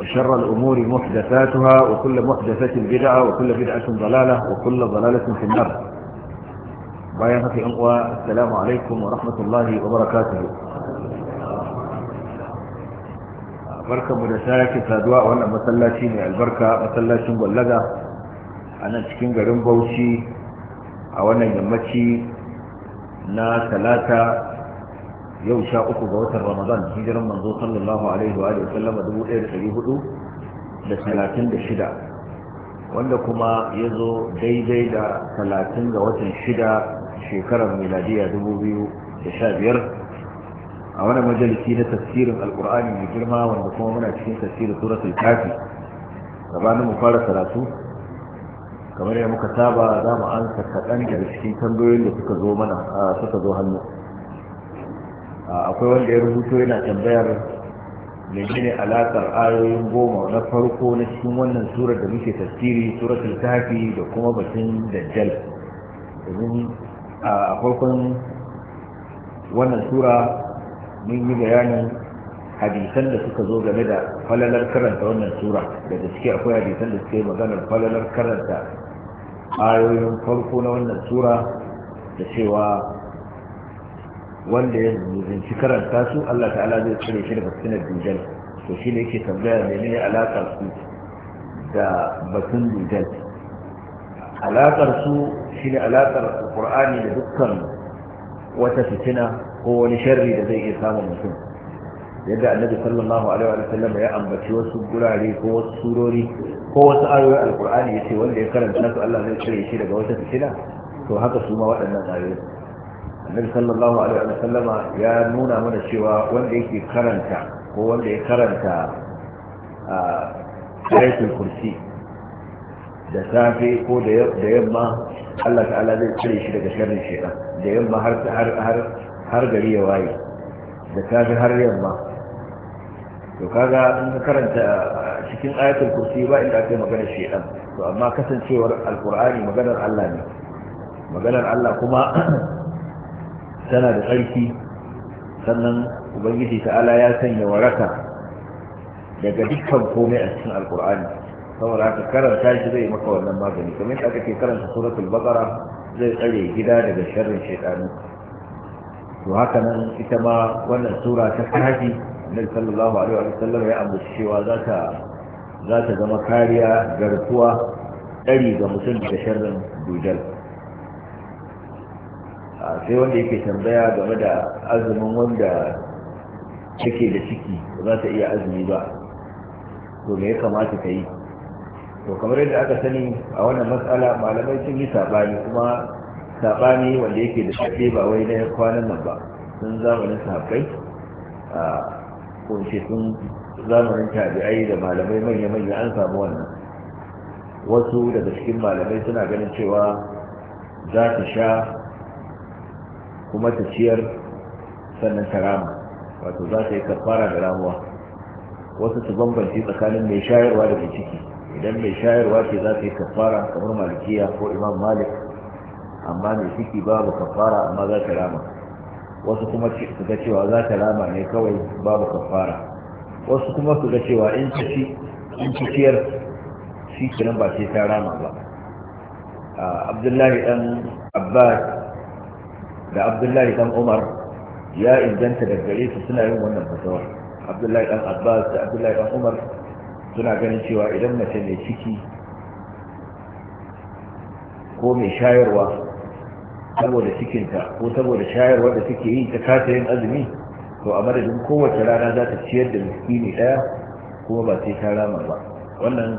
وشر الأمور محدثاتها وكل محدثة بدعة وكل بدعة ضلالة وكل ضلالة في النار بايا في أنقوى السلام عليكم ورحمة الله وبركاته بركة مدساك سادواء وانا مسلاتي من البركة مسلاتي مولدة أنا تكين غرم بوشي أولا يمتي نا ثلاثة yau sha uku ga watan ramadan hijiran manzo sallallahu alaihi wa sallam dubu ɗaya da ɗari hudu da talatin da shida wanda kuma ya zo daidai da talatin ga watan shida shekarar miladiya dubu biyu da sha biyar a wani majalisi na tafsirin alkur'ani mai girma wanda kuma muna cikin tafsirin suratul kafi gabanin mu fara karatu kamar yadda muka saba za mu ansa kaɗan daga cikin tambayoyin da suka zo mana suka zo hannu akwai wanda ya rubuto yana tambayar menene alakar ayoyin goma na farko na cikin wannan surar da muke tafsiri suratul kafi da kuma batun dajjal domin a farkon wannan sura mun yi bayanin hadisan da suka zo game da falalar karanta wannan sura daga ciki akwai hadisan da suka yi maganar falalar karanta ayoyin farko na wannan sura da cewa wanda ya zunci karanta su Allah ta'ala zai cire shi daga fitinar dujal to shi ne yake tambaya ne ne alaƙar su da batun dujal alaƙar su shi ne alaƙar alƙur'ani da dukkan wata fitina ko wani sharri da zai iya samun mutum yadda annabi sallallahu alaihi wa sallam ya ambaci wasu gurare ko wasu surori ko wasu ayoyin alƙur'ani ya ce wanda ya karanta su Allah zai cire shi daga wata fitina to haka su ma waɗannan ayoyin annabi sallallahu alaihi wa sallama ya nuna mana cewa wanda yake karanta ko wanda ya karanta a ayatul kursi da safe ko da yamma Allah ta'ala zai cire shi daga sharrin shaitan da yamma har har har gari ya waye da safe har yamma to kaga in ka karanta cikin ayatul kursi ba inda aka yi maganar shaitan to amma kasancewar alqur'ani maganar Allah ne maganar Allah kuma tana da tsarki sannan ubangiji ta'ala ya sanya waraka daga dukkan komai a cikin alkur'ani saboda haka karanta shi zai maka wannan magani kamar yadda aka ke karanta suratul baqara zai tsare gida daga sharrin shaitanu to haka nan ita ma wannan sura ta kafi annabi sallallahu alaihi wa sallam ya ambaci cewa za ta za ta zama kariya garkuwa tsari ga mutum daga sharrin dujal sai wanda yake tambaya game da azumin wanda take da ciki ba za ta iya azumi ba to me ya kamata ta yi to kamar yadda aka sani a wannan matsala malamai sun yi saɓani kuma saɓani wanda yake da shaɗe ba wai na kwanan nan ba sun zamanin sahabbai a kunce sun zamanin tabi'ai da malamai manya-manya an samu wannan wasu daga cikin malamai suna ganin cewa za ta sha kuma ta ciyar sannan ta rama wato za ta yi kafara da ramuwa wasu su bambanci tsakanin mai shayarwa da mai ciki idan mai shayarwa ce za ta yi kafara kamar malikiya ko imam malik amma mai ciki babu kafara amma za ta rama wasu kuma su ga cewa za ta rama ne kawai babu kafara wasu kuma su ga cewa in ci in ci ciyar shi kenan ba sai ta rama ba ah, abdullahi dan abbas da abdullahi dan umar ya inganta da gare su suna yin wannan fatawa abdullahi dan abbas da abdullahi dan umar suna ganin cewa idan mace mai ciki ko mai shayarwa saboda cikinta ko saboda shayarwa da take yi ta kasa yin azumi to a madadin kowace rana za ta ciyar da miskini ɗaya kuma ba sai ta rama ba wannan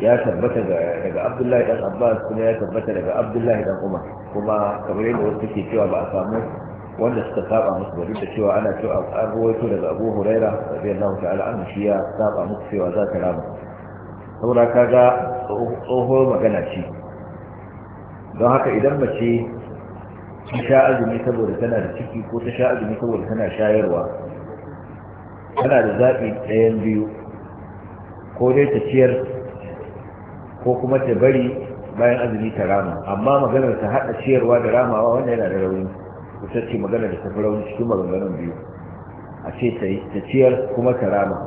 ya tabbata daga abdullahi dan abbas kuma ya tabbata daga abdullahi dan umar kuma kamar yadda wasu ke cewa ba a samu wanda suka saba musu ba duk da cewa ana cewa an rawaito daga abu huraira radiyallahu ta'ala anhu shi ya saba musu cewa za ta rama saboda kaga tsoho magana ce don haka idan mace ta sha azumi saboda tana da ciki ko ta sha azumi saboda tana shayarwa tana da zaɓi ɗayan biyu ko dai ta ciyar ko kuma ta bari bayan azumi ta rama amma maganar ta haɗa ciyarwa da ramawa wannan yana da rauni kusa ce magana da tafi rauni cikin maganganun biyu a ce ta ciyar kuma ta rama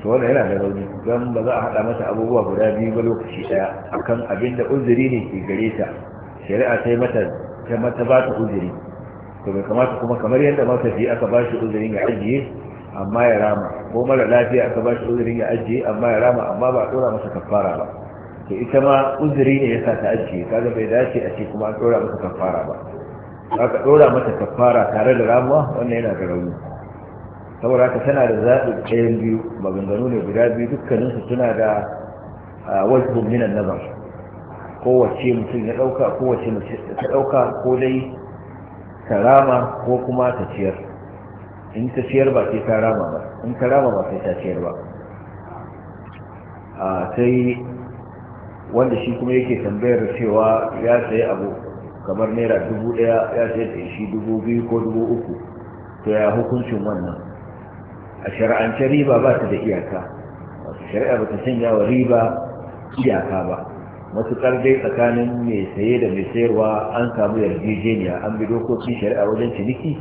su wannan yana da rauni don ba za a haɗa mata abubuwa guda biyu ba lokaci ɗaya akan abin da uzuri ne ke gare ta shari'a ta mata ta mata ba ta uzuri to bai kamata kuma kamar yadda maka ji aka ba shi uzurin ya ajiye amma ya rama ko mara lafiya aka ba shi uzurin ya ajiye amma ya rama amma ba a dora masa kafara ba to ita ma uzuri ne ya sa ta ajiye kaga bai dace a ce kuma an dora masa kafara ba aka dora masa kafara tare da ramuwa wannan yana da rauni saboda haka tana da zaɓi ɗayan biyu maganganu ne guda biyu dukkaninsu suna da wasu minan nazar kowace mutum ya ɗauka kowace mutum ta ɗauka ko dai ta rama ko kuma ta ciyar in ta ciyar ba sai ta rama ba in ta rama ba sai ta ciyar ba sai wanda shi kuma yake tambayar cewa ya sayi abu kamar naira dubu daya ya sayi da shi dubu biyu ko dubu uku to ya hukuncin wannan a shari'ance riba ba ta da iyaka wasu shari'a ba ta sanya wa riba iyaka ba matuƙar dai tsakanin mai saye da mai sayarwa an samu yarjejeniya an bi dokokin shari'a wajen ciniki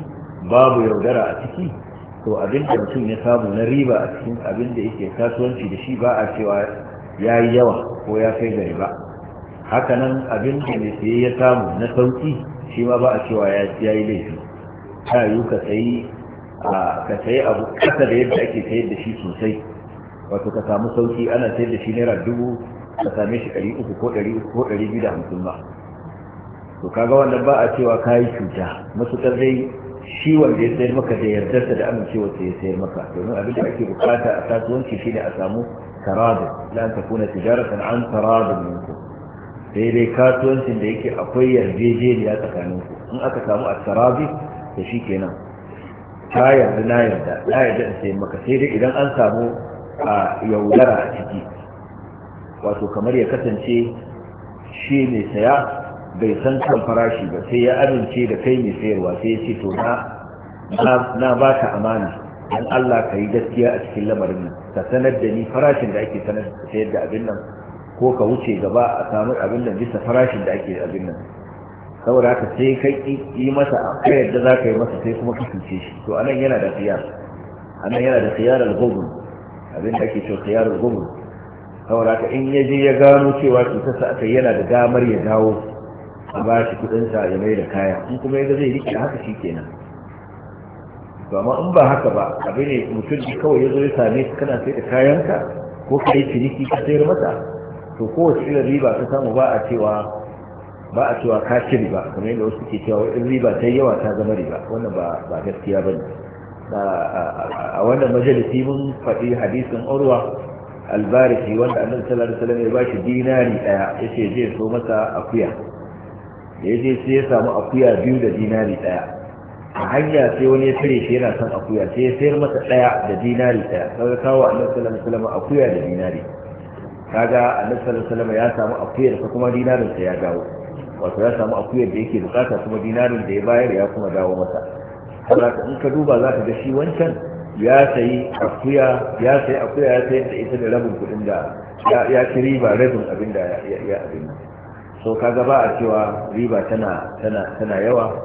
babu yaudara a ciki to abin da mutum ya samu na riba a cikin abin da yake kasuwanci da shi ba a cewa ya yi yawa ko ya kai gari ba hakanan abin da mai saye ya samu na sauki shi ma ba a cewa ya yi laifi ta yi ka sayi ka sayi abu kasa da yadda ake sayar da shi sosai wato ka samu sauki ana sayar da shi naira dubu ka same shi ɗari uku ko ɗari uku ko ɗari biyu da hamsin ba to kaga wannan ba a cewa ka yi cuta matuƙar dai shi wanda ya sayar maka da yardarsa da amincewa ya sayar maka domin abin da ake bukata a kasuwanci shine a samu taradun la ta kuna tijaratan an taradun minku sai dai kasuwancin da yake akwai yarjejeniya tsakanin ku in aka samu a tarabi da shi kenan ta yarda na yarda na yarda in sayar maka sai dai idan an samu a yaudara a ciki wato kamar ya kasance shi mai saya bai san kan farashi ba sai ya amince da kai mai sayarwa sai ya ce to na na ka amana dan Allah ka yi gaskiya a cikin lamarin nan ka sanar da ni farashin da ake sanar da sayar da abin nan ko ka wuce gaba a samu abin nan bisa farashin da ake abin nan saboda haka sai kai yi masa a kayar yadda za ka yi masa sai kuma ka cuce shi to a nan yana da siyar a nan yana da khiyar al-ghubn abin da ake cewa khiyar al-ghubn saboda haka in ya je ya gano cewa cutarsa aka yana da damar ya dawo a ba shi sa ya mai da kaya in kuma yanzu zai rike haka shi kenan ba in ba haka ba abin ne mutum kawai ya zo ya same ka kana sai da kayanka ko kai ciniki ka sayar masa to kowace irin riba ka samu ba a cewa ba a cewa ka ci riba kamar yadda wasu ke cewa wani riba ta yawa ta zama riba wannan ba ba gaskiya a wannan majalisi mun faɗi hadisin urwa albarisi wanda annabi sallallahu alaihi wasallam ya bashi dinari daya yace zai so masa akuya da ya je sai ya samu akuya biyu da dinari ɗaya a hanya sai wani ya tare shi yana son akuya sai ya sayar masa ɗaya da dinari ɗaya kaga kawo annabi sallallahu alaihi wasallam akuya da dinari kaga annabi sallallahu alaihi wasallam ya samu akuyar sa kuma dinarin sa ya dawo wato ya samu akuyar da yake bukata kuma dinarin da ya bayar ya kuma dawo masa saboda in ka duba za ka ga shi wancan ya sayi akuya ya sayi akuya ya sayar da ita da rabin kuɗin da ya ci riba rabin abin da ya abin so kaga ba a cewa riba tana tana tana yawa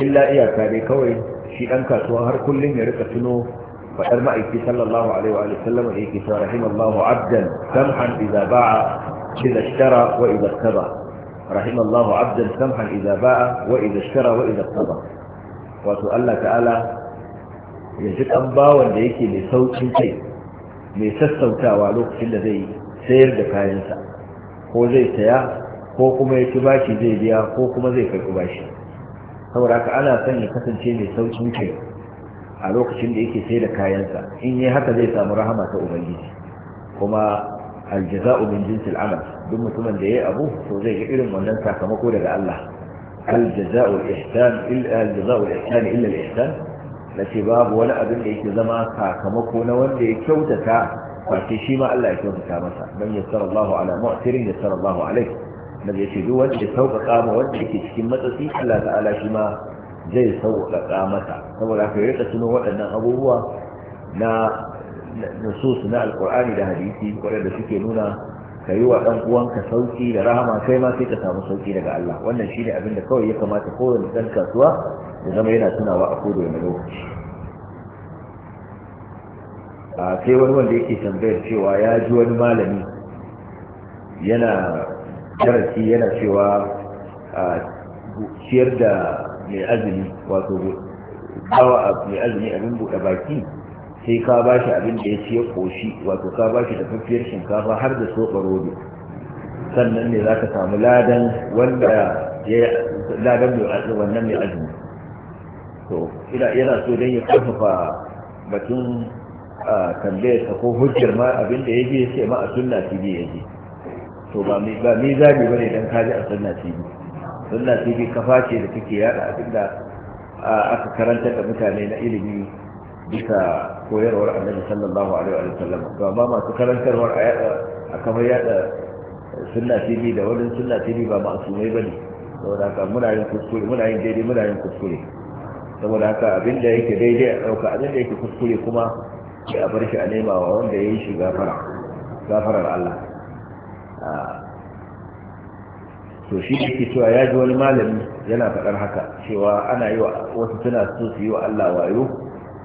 illa iyaka dai kawai shi dan kasuwa har kullun ya rika tuno fadar ma'aiki sallallahu alaihi wa sallam da yake cewa rahimallahu abdan samhan idza ba'a idza ishtara wa idza taba rahimallahu abdan samhan idza ba'a wa idza ishtara wa idza taba wato Allah ta'ala ya ji dan bawan da yake mai saukin kai mai sassautawa lokacin da zai sayar da kayansa ko zai saya ko kuma ya ci bashi zai biya ko kuma zai karɓi bashi saboda haka ana son ya kasance mai saukin kai a lokacin da yake sai da kayansa in yi haka zai samu rahama ta ubangiji kuma aljaza'u min jinsil amal duk mutumin da yayi abu to zai ga irin wannan sakamako daga Allah aljaza al-ihsan illa aljaza'u al-ihsan illa al-ihsan babu wani abin da yake zama sakamako na wanda ya kyautata kwace shi ma Allah ya kyautata masa man yassara Allahu ala mu'tirin yassara Allahu alayhi na yace duk wanda ya sauƙaƙa ma wanda yake cikin matsatsi Allah ta'ala shi ma zai sauƙaƙa masa saboda haka ya rika tuno waɗannan abubuwa na nususu na alƙur'ani da hadisi waɗanda suke nuna ka yi wa ɗan uwanka sauƙi da rahama kai ma sai ka samu sauƙi daga Allah wannan shine abin da kawai ya kamata kowane ɗan kasuwa ya zama yana tunawa a kodo lokaci a sai wani wanda yake tambayar cewa ya ji wani malami yana darasi yana cewa ciyar da mai azumi wato bawa mai azumi abin buɗe baki sai ka ba shi abin da ya ciye koshi wato ka ba shi tafafiyar shinkafa har da soɓa rodo sannan ne za ka samu ladan wanda ya ladan mai azumi wannan mai azumi to ina yana so don ya karfafa batun tambayar ko hujjar ma abin da ya je sai ma a sunna shi ne ya je to ba mizani ba ne don kaji a sunna tv sunna tv kafa ce da take yada abin da aka karanta da mutane na ilimi bisa koyarwar annabi sallallahu alaihi wa sallam to amma masu karantarwar a kamar yada sunna tv da wani sunna tv ba ma'asumai ba ne saboda haka muna yin kuskure muna yin daidai muna yin kuskure saboda haka abin da yake daidai a ɗauka abin da yake kuskure kuma ya bar shi a nema wa wanda ya yi shi gafarar Allah to shi ne ke cewa ya ji wani malami yana faɗar haka cewa ana yi wa wasu suna so su yi wa Allah wayo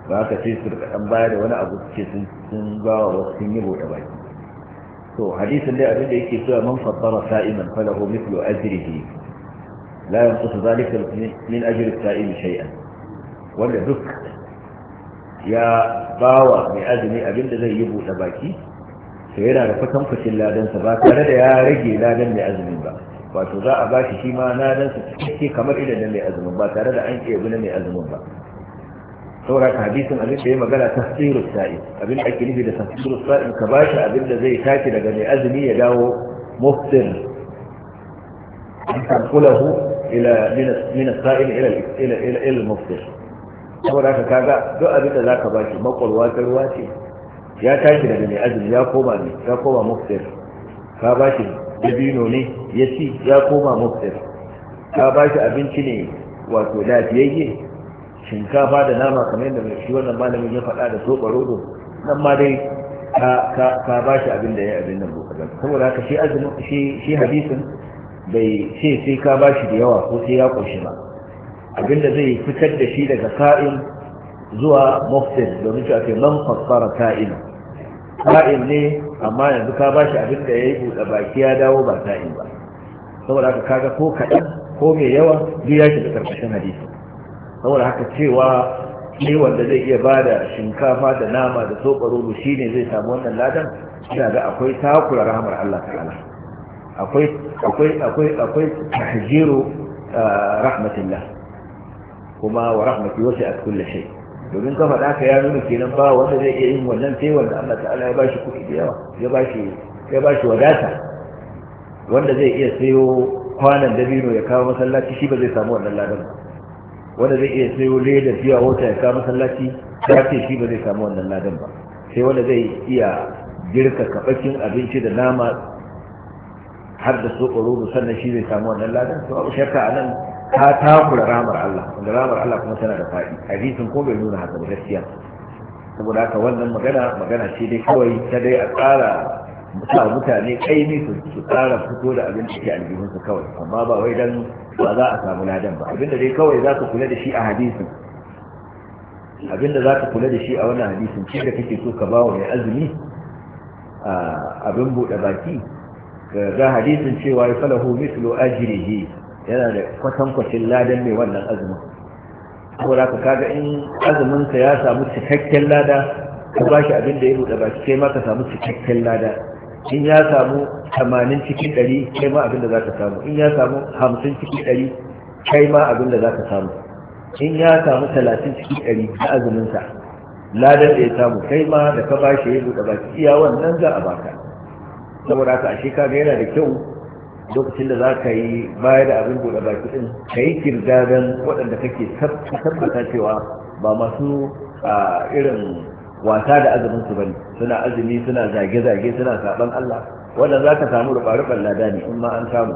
ba haka sai su rika ɗan baya da wani abu su ce sun ba wa wasu sun yi bude baki to hadisin dai abin da yake cewa man fassara sa'iman falahu mithlu ajrihi la yanqusu zalika min ajri sa'im shay'an wanda duk ya bawa mai azumi abin da zai yi bude baki to yana da kwatankwacin ladansa ba tare da ya rage ladan mai azumin ba wato za a bashi shi ma ladansa cikakke kamar idan na mai azumin ba tare da an kebu na mai azumin ba saboda hadisin abin da ya magana ta tasiru sa'i abin da ake nufi da tasiru sa'i ka ba shi abin da zai tashi daga mai azumi ya dawo muftir tanqulahu ila min sa'in ila ila ila al-muftir saboda kaga duk abin da ba shi makwalwa ta ruwa ce ya tashi daga mai azumi ya koma ne ya koma muftir ka ba shi dabino ne ya ci ya koma muftir ka ba shi abinci ne wato lafiyayye shinkafa da nama kamar yadda mai shi wannan malamin ya faɗa da soɓa rodo nan ma dai ka ba shi abin da ya abin nan bukatar saboda haka shi azumin shi hadisin bai ce sai ka ba shi da yawa ko sai ya ƙoshi ba abin da zai fitar da shi daga ka'in zuwa muftir domin cewa ce man fassara ka'ina sa'in ne amma yanzu ka ba shi abin da ya yi buɗe baki ya dawo ba sa'in ba saboda haka kaga ko kaɗan ko mai yawa duk ya shiga karkashin hadisi saboda haka cewa ne wanda zai iya ba da shinkafa da nama da soɓaro shi ne zai samu wannan ladan ina ga akwai takura rahamar Allah ta'ala akwai akwai akwai akwai tahjiru ah, rahmatillah kuma wa rahmati wasi'at kulli shay' domin ka faɗa ka ya nuna kenan ba wanda zai iya yin wannan sai wanda Allah ta'ala ya bashi kuɗi da yawa ya bashi ya bashi wadata wanda zai iya sayo kwanan dabino ya kawo masallaci shi ba zai samu wannan ladan ba wanda zai iya sayo ledar fiya wata ya kawo masallaci ya ce shi ba zai samu wannan ladan ba sai wanda zai iya girka kabakin abinci da nama har da so ƙoro sannan shi zai samu wannan ladan to abu shakka a nan ta takura ramar Allah wanda ramar Allah kuma tana da faɗi hadisin ko bai nuna haka ba gaskiya saboda haka wannan magana magana ce dai kawai ta dai a tsara sa mutane kaimi su su tsara fito da abin da ke aljihun su kawai amma ba wai dan ba za a samu ladan ba abinda dai kawai za ka kula da shi a hadisin abinda za ka kula da shi a wannan hadisin ce da kake so ka bawa mai azumi abin buɗe baki ga hadisin cewa ya falahu mislu ajrihi yana da kwatankwacin ladan mai wannan azumin saboda ka kaga in azuminka ya samu cikakken lada ka ba shi abin da ya buɗe baki kai ma ka samu cikakken lada in ya samu tamanin cikin ɗari kai ma abin da za ka samu in ya samu hamsin cikin ɗari kai ma abin da za ka samu in ya samu talatin cikin ɗari na azuminsa ladan da ya samu kai ma da ka ba shi ya buɗe baki iya wannan za a baka saboda ka ashe kaga yana da kyau lokacin da za ka yi baya da abin buɗe baki din ka yi kirgadan waɗanda kake tabbata cewa ba masu irin wasa da azumin su bane suna azumi suna zage-zage suna saban Allah wanda za ka samu ruɓa lada ne in ma an samu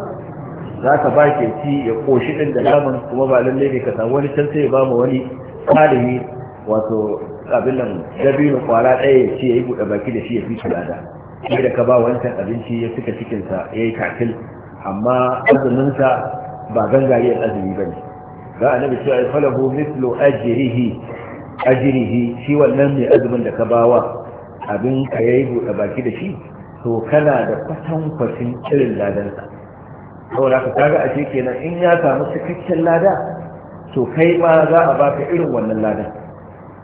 za ka ba ke ci ya ƙoshi ɗin da naman kuma ba lallai ne ka samu wani can sai ba mu wani malami wato abin nan dabino kwara ɗaya ya ce ya yi buɗe baki da shi ya fi lada sai da ka ba wancan abinci ya cika cikinsa ya yi kafin. amma azumin sa ba gangariyar azumi ba ne ga annabi cewa falahu mithlu ajrihi ajrihi shi wannan ne azumin da ka bawa abin ka yayi buɗe baki da shi to kana da kwatin irin sa saboda ka kaga a kenan in ya samu cikakken lada to kai ma za a baka irin wannan ladan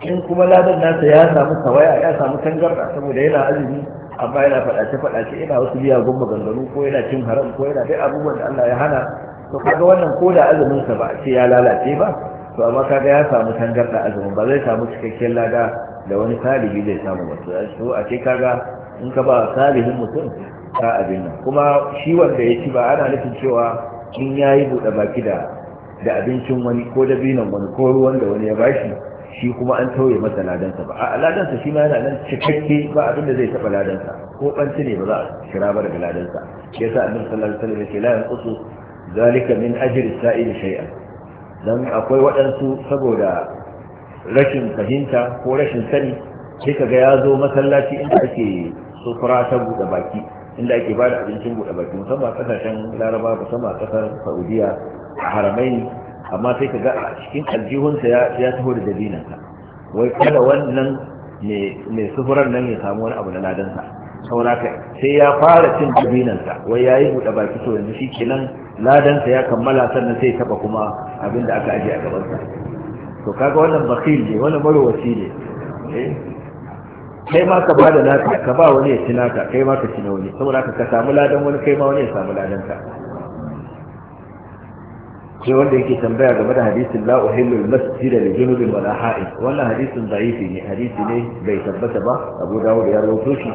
in kuma ladan nasa ya samu tawaya ya samu tangarda saboda yana azumi amma yana faɗace faɗace ina wasu miyagun maganganu ko yana cin haram ko yana dai abubuwan da Allah ya hana to kaga wannan ko da azumin sa ba ce ya lalace ba to amma kaga ya samu da azumin ba zai samu cikakken lada da wani salihi zai samu ba to a ce kaga in ka ba salihin mutum ka abin nan kuma shi wanda ya ci ba ana nufin cewa in yayi buɗe baki da da abincin wani ko dabinan wani ko ruwan da wani ya bashi shi kuma an tauye masa ladansa ba a ladansa shi ma yana nan cikakke ba abin da zai taɓa ladansa ko ɓanci ne ba za a kira ba daga ladansa shi yasa annabi sallallahu alaihi wasallam yake la yanqusu zalika min ajri sa'il shay'an dan akwai waɗansu saboda rashin fahimta ko rashin sani sai kaga ya zo masallaci inda ake sufura ta buɗe baki inda ake bada abincin buɗe baki musamman a ƙasashen laraba musamman a ƙasar saudiya a haramai amma sai ka ga a cikin aljihunsa ya taho da dabinansa wai kada wannan mai sufurar nan ya samu wani abu na ladansa sauraka sai ya fara cin dabinansa wai ya yi buɗe baki to yanzu shi kenan ladansa ya kammala sannan sai taɓa kuma abin da aka aje a gabansa to kaga wannan bakil ne wannan marowaci ne eh? kai ma ka da naka ka ba wani ya ci naka kai ma ka ci na wani saboda ka samu ladan wani kai ma wani ya samu ladan ka sai wanda yake tambaya game da hadisin la uhillu masjida li junubin wala ha'id wannan hadisin da'ifi ne hadisi ne bai tabbata ba Abu Dawud ya rawaito shi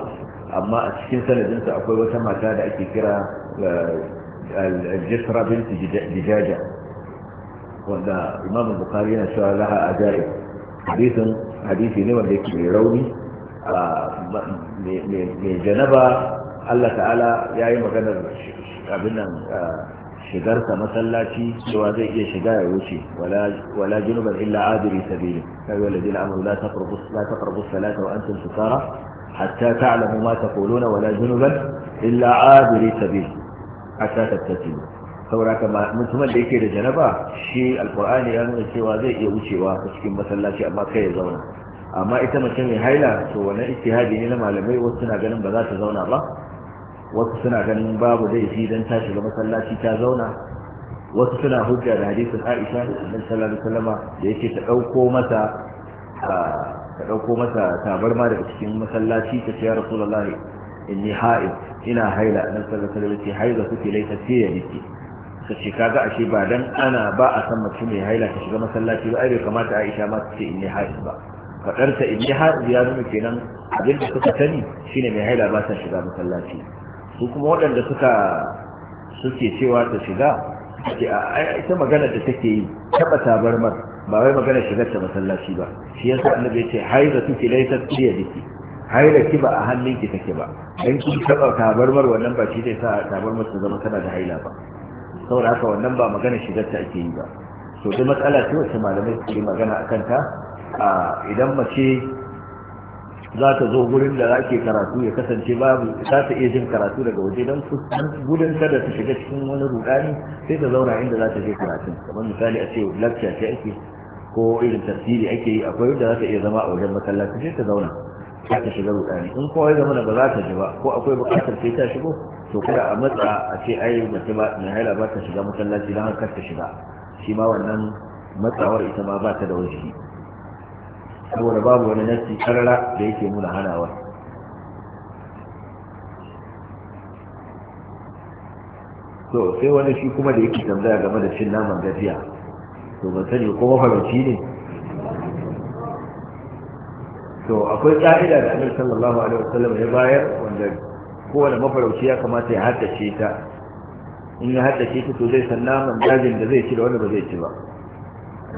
amma a cikin sanadin sa akwai wata mata da ake kira eh, al-Jisra bint Dijaja wanda Imam Bukhari yana cewa laha ajaib hadisin hadisi ne wanda yake mai rauni mai janaba Allah ta'ala ya yi maganar abin nan eh, shigarsa masallaci cewa zai iya shiga ya wuce wala junuban illa abiri sabili kai wala dina amru la taqrabu la taqrabu salata wa antum sukara hatta ta'lamu ma taquluna wala junuban illa abiri sabili hatta tattasilu sauraka mutumin da yake da janaba shi alqur'ani ya nuna cewa zai iya wucewa a cikin masallaci amma kai ya zauna amma ita mace mai haila to wannan ijtihadi ne na malamai wasu suna ganin ba za ta zauna ba wasu suna ganin babu laifi dan ta shiga masallaci ta zauna wasu suna hujja da hadisin Aisha da sallallahu alaihi da yake ta dauko masa ta dauko mata tabarma daga cikin masallaci ta ce ya rasulullahi inni ha'id ina haila nan sallallahu alaihi wasallam ce haila kuke laita ce ya nake ka ce kaga ashe ba dan ana ba a san mace mai haila ta shiga masallaci ba ai bai kamata Aisha ma ta ce inni ha'id ba fadarta inni ha'id ya nuna kenan abin da suka sani shine mai haila ba ta shiga masallaci su kuma waɗanda suka suke cewa ta shiga ita magana da take yi taɓa tabarmar ba wai magana shigar ta masallaci ba shi yasa annabi ya ce haira tuki laisar tsiya jiki haira ki ba a ki take ba dan kin taɓa tabarmar wannan ba shi zai sa tabarmar ta zama tana da haila ba saboda haka wannan ba magana shigar ta ake yi ba to duk matsala ce wacce malamai suke magana akan ta idan mace za ta zo gurin da ake karatu ya kasance babu za ta iya jin karatu daga waje don gudun kada ta shiga cikin wani rudani sai ta zauna inda za ta je karatun kamar misali a ce lakca ce ake ko irin tasiri ake yi akwai wanda za ta iya zama a wajen masallaci sai ta zauna za ta shiga rudani in kowa ya na ba za ta ji ba ko akwai bukatar sai ta shigo to kada a matsa a ce ai mace ba mai haila ba ta shiga masallaci don haka ta shiga shi ma wannan matsawar ita ma ba ta da wajibi saboda babu wani nassi karara da yake nuna hanawa to sai wani shi kuma da yake tambaya game da cin naman gajiya to ban sani ko mafarauci ne to akwai ƙa'ida da annabi sallallahu alaihi wasallam ya bayar wanda kowane mafarauci ya kamata ya haddace ta in ya haddace ta to zai san naman dajin da zai ci da wanda ba zai ci ba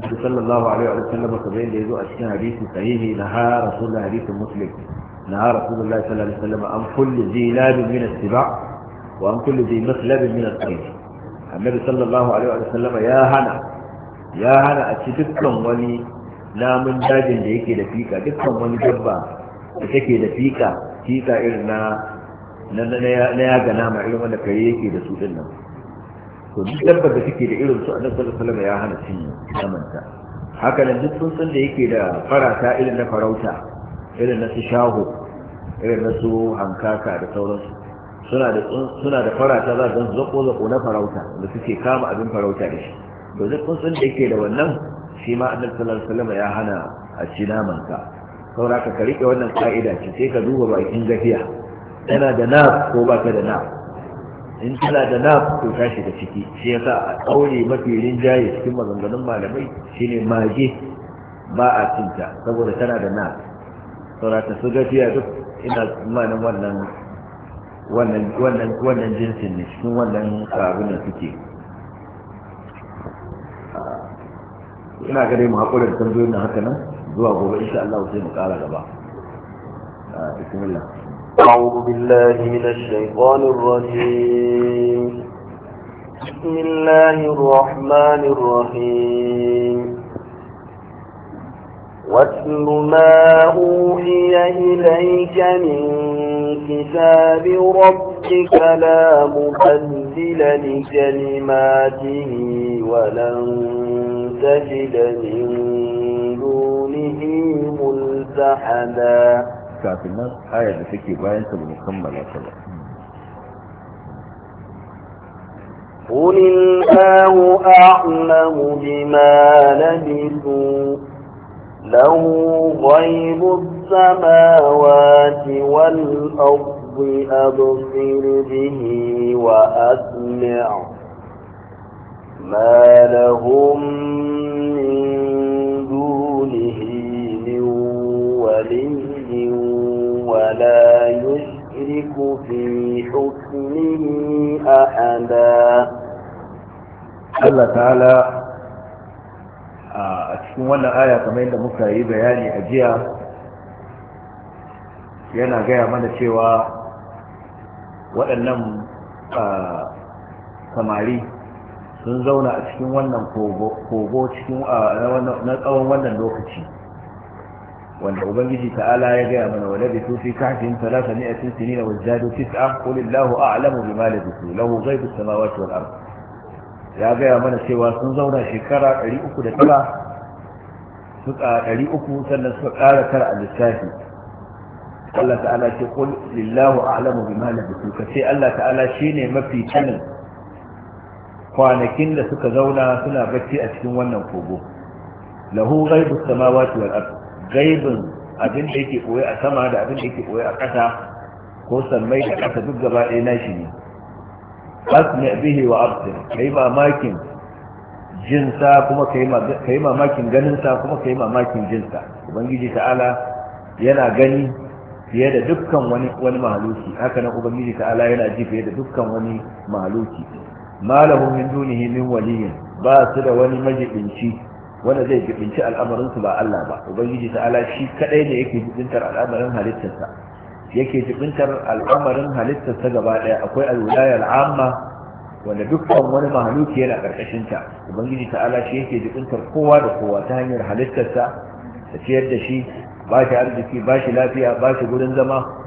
annabi sallallahu alaihi wa sallam kamar yadda yazo a cikin hadisi sahihi na ha rasulullahi hadisin muslim na ha rasulullahi sallallahu alaihi wa sallam an kulli zilabin min as-siba wa an kulli zi maslabin min as-sayf annabi sallallahu alaihi wa sallam ya hana ya hana a ci dukkan wani namun dajin da yake da fika dukkan wani dabba da take da fika fika irin na na ya ga nama irin wanda kare yake da su din nan to duk dabbar da take da irin su annabi sallallahu alaihi wasallam ya hana cin namanta haka nan duk tsuntsun da yake da farata irin na farauta irin na su shaho irin na su hankaka da sauransu suna da suna da farata za su zako zako na farauta da suke kama abin farauta da shi to duk tsuntsun da yake da wannan shi ma annabi sallallahu alaihi wasallam ya hana a ci namanta saboda ka rike wannan ka'ida ce sai ka duba bakin gafiya tana da na ko ba ta da na in tana da na to tashi da ciki shi yasa a kaure mafi rinjaye cikin maganganun malamai shine mage ba a cinta saboda tana da naf saurata su a duk ina tsammanin wannan wannan wannan wannan jinsin ne cikin wannan abin da suke ina ga dai mu haƙura da tambayoyin haka nan zuwa gobe insha Allah sai mu ƙara gaba ah, bismillah أعوذ بالله من الشيطان الرجيم بسم الله الرحمن الرحيم واتل ما أوحي إليك من كتاب ربك لا مبدل لكلماته ولن تجد من دونه ملتحداً kafin nan ayar da take bayan ta mu kammala ta قل الله أعلم بما لبثوا له غيب السماوات والأرض أبصر به وأسمع ما لهم ولا يشرك في حكمه أحدا الله تعالى a cikin wannan aya kamar yadda muka yi bayani a jiya yana gaya mana cewa waɗannan samari sun zauna a cikin wannan kogo cikin na tsawon wannan lokaci wanda ubangiji ta'ala ya gaya mana wa labisu fi kahfin 300 sinina wa zadu tis'a qul illahu a'lamu bima labisu lahu ghaibu samawati wal ard ya gaya mana cewa sun zauna shekara da 309 suka 300 sannan suka ƙara tara a lissafi Allah ta'ala ce qul lillahu a'lamu bima labisu ce, Allah ta'ala shine mafi sanin kwanakin da suka zauna suna bacci a cikin wannan kogo lahu ghaibu samawati wal ard gaibin abin da yake koyi a sama da abin da yake koyi a ƙasa ko sammai da ƙasa duk gaba ɗaya na shi ne asmi bihi wa ka kai mamakin jinsa kuma kai mamakin ganinsa kuma kai mamakin jinsa ubangiji ta'ala yana gani fiye da dukkan wani wani mahaluki haka nan ubangiji ta'ala yana ji fiye da dukkan wani mahaluki malamu min dunihi min waliyin ba su da wani majibinci wanda zai jibinci al'amarinsu ba Allah ba ubangiji ta'ala shi kadai ne yake jibintar al'amarin halittarsa yake jibintar al'amarin halittarsa gaba daya akwai alwilaya al'amma wanda dukkan wani mahaluki yana karkashin ta ubangiji ta'ala shi yake jibintar kowa da kowa ta hanyar halittarsa da ciyar da shi ba shi arziki ba shi lafiya ba shi gurin zama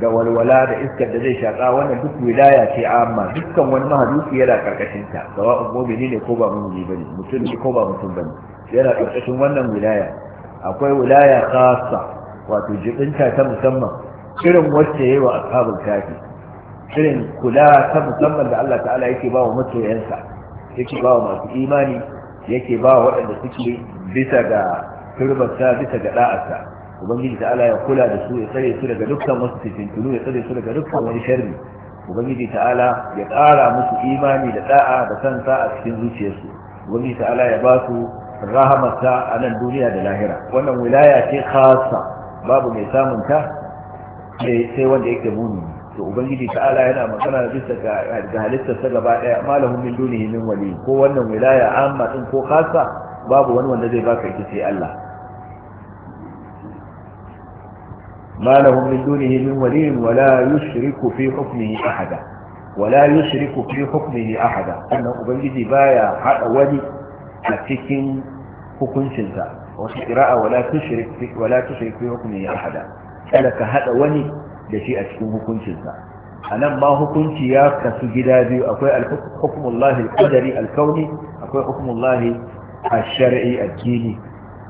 da walwala da iskar da zai shaƙa wannan duk wilaya ce amma dukkan wani mahaluki yana karkashin ta gawa mu'mini ne ko ba mu'mini bane mutum ne ko ba mutum bane yana karkashin wannan wilaya akwai wilaya khassa wato jibinta ta musamman irin wacce yayi wa ashabul kafi irin kula ta musamman da Allah ta'ala yake ba wa masoyansa yake ba wa masu imani yake ba wa waɗanda suke bisa ga turbarsa bisa ga ɗa'arsa. ubangiji ta'ala ya kula da su ya tsare su daga dukkan wasu fitintunu ya tsare su daga dukkan wani sharri ubangiji ta'ala ya ƙara musu imani da da'a da san sa a cikin zuciyarsu ubangiji ta'ala ya ba su rahamarsa a nan duniya da lahira wannan wilaya ce khassa babu mai samun ta sai wanda yake muni to ubangiji ta'ala yana magana da bisa ga halittar sa gaba daya malahum min dunihi min wali ko wannan wilaya amma din ko khassa babu wani wanda zai baka ita sai Allah ما لهم من دونه من ولي ولا يشرك في حكمه أحدا ولا يشرك في حكمه أحدا أنه أبنجي بايا حق ولي أتكين حكم شنسا وفي قراءة ولا تشرك في, ولا تشرك في حكمه أحدا سألك هذا ولي لشيء أتكون حكم شنسا anan ma hukunci ya kasu gida biyu akwai hukumullahi al-qadari al-kauni akwai hukumullahi al-shar'i al-dini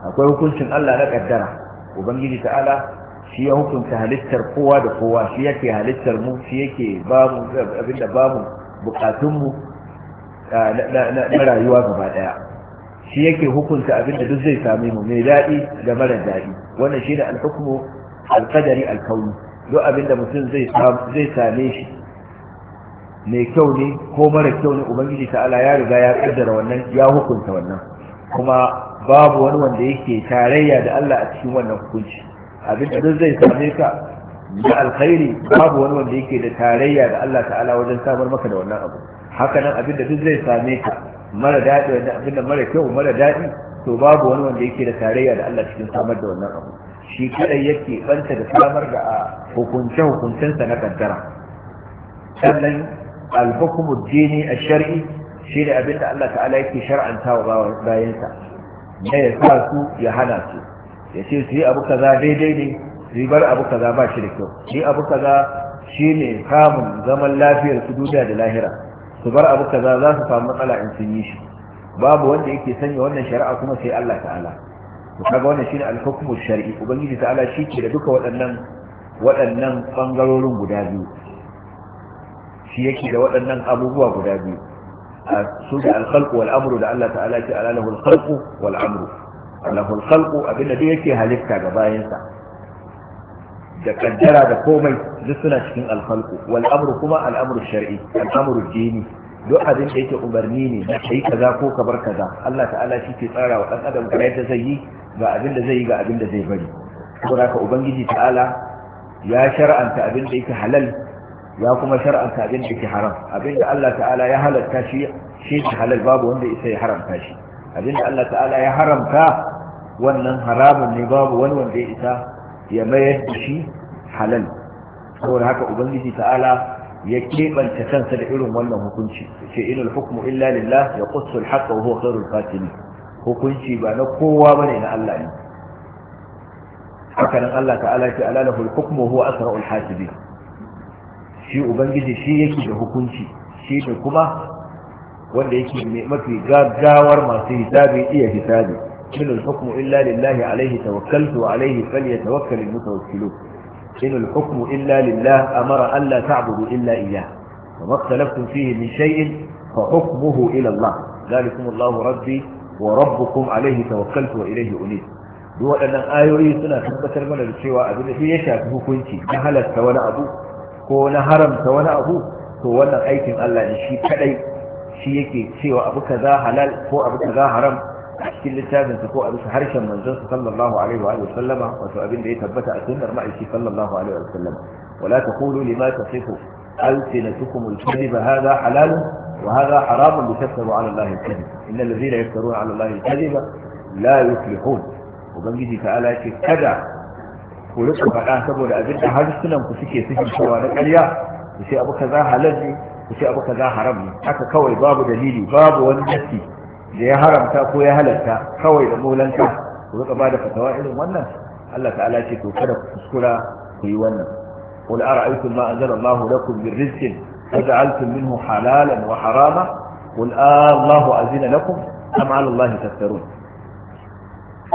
akwai hukuncin Allah na kaddara ubangiji ta'ala shi ya hukunta halittar kowa da kowa shi yake halittar mu shi yake bamu abinda bamu bukatunmu na rayuwa gaba daya shi yake hukunta abinda duk zai same mu mai daɗi da mara daɗi wannan shi ne alhukumu alkadari alkauni duk abinda mutum zai same shi mai kyau ne ko mara kyau ne ubangiji ta Ala ya riga ya kaddara wannan ya hukunta wannan kuma babu wani wanda yake tarayya da Allah a cikin wannan hukunci abin da zai same ka da alkhairi babu wani wanda yake da tarayya da Allah ta'ala wajen samar maka da wannan abu haka nan abin da duk zai same ka mara daɗi wanda abin da mara kyau mara daɗi to babu wani wanda yake da tarayya da Allah cikin samar da wannan abu shi kadai yake ɓanta da samar da hukunce hukuncensa na kaddara sannan alhukumu dini a shari'i shi ne abin da Allah ta'ala yake shar'anta wa bayansa ne ya sa su ya hana su ya ce su yi abu kaza daidai ne su yi bar abu kaza ba shi da kyau su yi abu kaza shi ne kamun zaman lafiyar su duniya da lahira su bar abu kaza za su samu matsala in sun yi shi babu wanda yake sanya wannan shari'a kuma sai Allah ta'ala to kaga wannan shine al-hukmu shar'i ubangiji ta'ala shi ke da duka waɗannan waɗannan bangarorin guda biyu shi yake da waɗannan abubuwa guda biyu su da al-khalq wal amru da Allah ta'ala ya ta'ala lahu al-khalq wal amru lahul khalqu abinda da yake halitta ga bayansa da kaddara da komai duk suna cikin alkhalqu wal amru kuma al amru shar'i al amru dini duk abin da yake umarni ne na kai kaza ko ka bar kaza Allah ta'ala shi ke tsara wa dan adam ga yadda zai yi ga abin da zai yi ga abin da zai bari saboda ka ubangiji ta'ala ya shar'anta abin da yake halal ya kuma shar'anta abin da yake haram abin da Allah ta'ala ya halatta shi shi halal babu wanda isa ya haramta shi abinda Allah ta'ala ya haramta wannan haramun ne babu wani wanda ya isa ya mayar da shi halal saboda haka ubangiji ta'ala ya keɓanta kansa da irin wannan hukunci ce inal hukmu illa lillah ya qussu al-haqqa wa huwa khairul fatini hukunci ba na kowa bane na Allah ne haka nan Allah ta'ala ce ala lahu al-hukmu huwa asra'ul hasibin shi ubangiji shi yake da hukunci shi ne kuma wanda yake mafi gaggawar masu hisabi iya hisabi min al-hukmu illa lillahi alaihi tawakkaltu wa alaihi falyatawakkal al-mutawakkilun in al-hukmu illa lillah amara an la ta'budu illa iyyah wa ma ikhtalaftum fihi min shay'in fa hukmuhu ila Allah dhalikum Allahu rabbi wa rabbukum alaihi tawakkaltu wa ilaihi unib duk waɗannan ayoyi suna tabbatar mana da cewa abin da shi ya shafi hukunci na halatta wani abu ko na haramta wani abu to wannan aikin Allah ne shi kadai shi yake cewa abu za halal ko abu za haram a cikin littafinsa ko a bisa harshen manzonsa sallallahu alaihi wa sallama wato abin da ya tabbata a sunnar ma'aiki sallallahu alaihi wa sallama wala taqulu lima tasifu ألسنتكم الكذب هذا حلال وهذا حرام لتفتروا على الله الكذب إن الذين يفترون على الله الكذب لا يفلحون وبنجي تعالى كذا ولكم فالآن سبوا لأبدا هل السنة مكسكي سجن سوى لك sai abu أبو كذا حلال ku ce abu za haram haka kawai babu dalili babu wani nasi da ya haramta ko ya halatta kawai da molanka ku rika bada fatawa irin wannan Allah ta'ala ce to kada ku kuskura ku yi wannan qul ara'aytum ma anzala Allahu lakum min rizqin faj'altum minhu halalan wa harama qul Allahu azina lakum am 'ala Allahi taftarun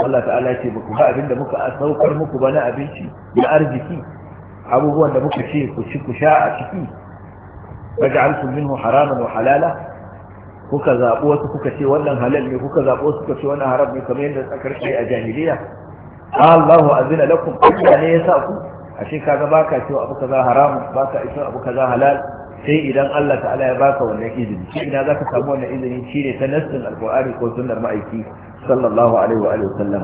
Allah ta'ala ce ba ku ga abin da muka saukar muku ba na abinci na arziki abubuwan da muka ce ku ci ku sha a ciki faj'altum minhu haraman wa halala kuka zaɓi wasu kuka ce wannan halal ne kuka zaɓi wasu kuka ce wannan haram ne kamar yadda tsakar kai a jahiliya Allahu azina lakum Allah ne ya sa ku ashe kaga baka cewa abu kaza haram baka isa abu kaza halal sai idan Allah ta'ala ya baka wannan izini shi ina zaka samu wannan izini shine ta nassin alqur'ani ko sunnar ma'aiki sallallahu alaihi wa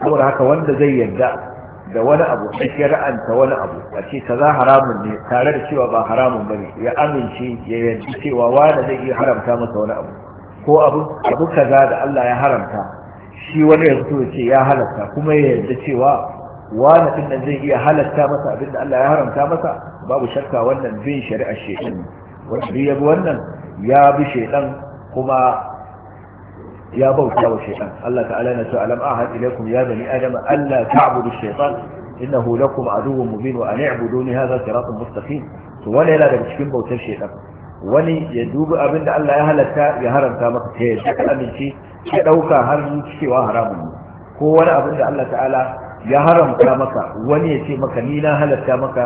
saboda haka wanda zai yarda da wani abu da shari'anta wani abu a ce kaza haramun ne tare da cewa ba haramun bane ya amince ya yarda cewa wani zai iya haramta masa wani abu ko abu abu kaza da Allah ya haramta shi wani ya fito ce ya halatta kuma ya yarda cewa wani din nan zai iya halatta masa da Allah ya haramta masa babu shakka wannan bin shari'ar shaytan wanda ya bi wannan ya bi shaytan kuma ya bauta wa shaytan Allah ta'ala na ce alam ahad ilaykum ya bani adam alla ta'budu shaytan innahu lakum aduwwun mubin wa an i'buduni hadha siratun mustaqim to wani yana daga cikin bautar shaytan wani ya dubi abin da Allah ya halatta ya haramta maka ta yadda ka amince ya dauka har cewa haramun ne ko wani abin da Allah ta'ala ya haramta maka wani ya ce maka ni na halatta maka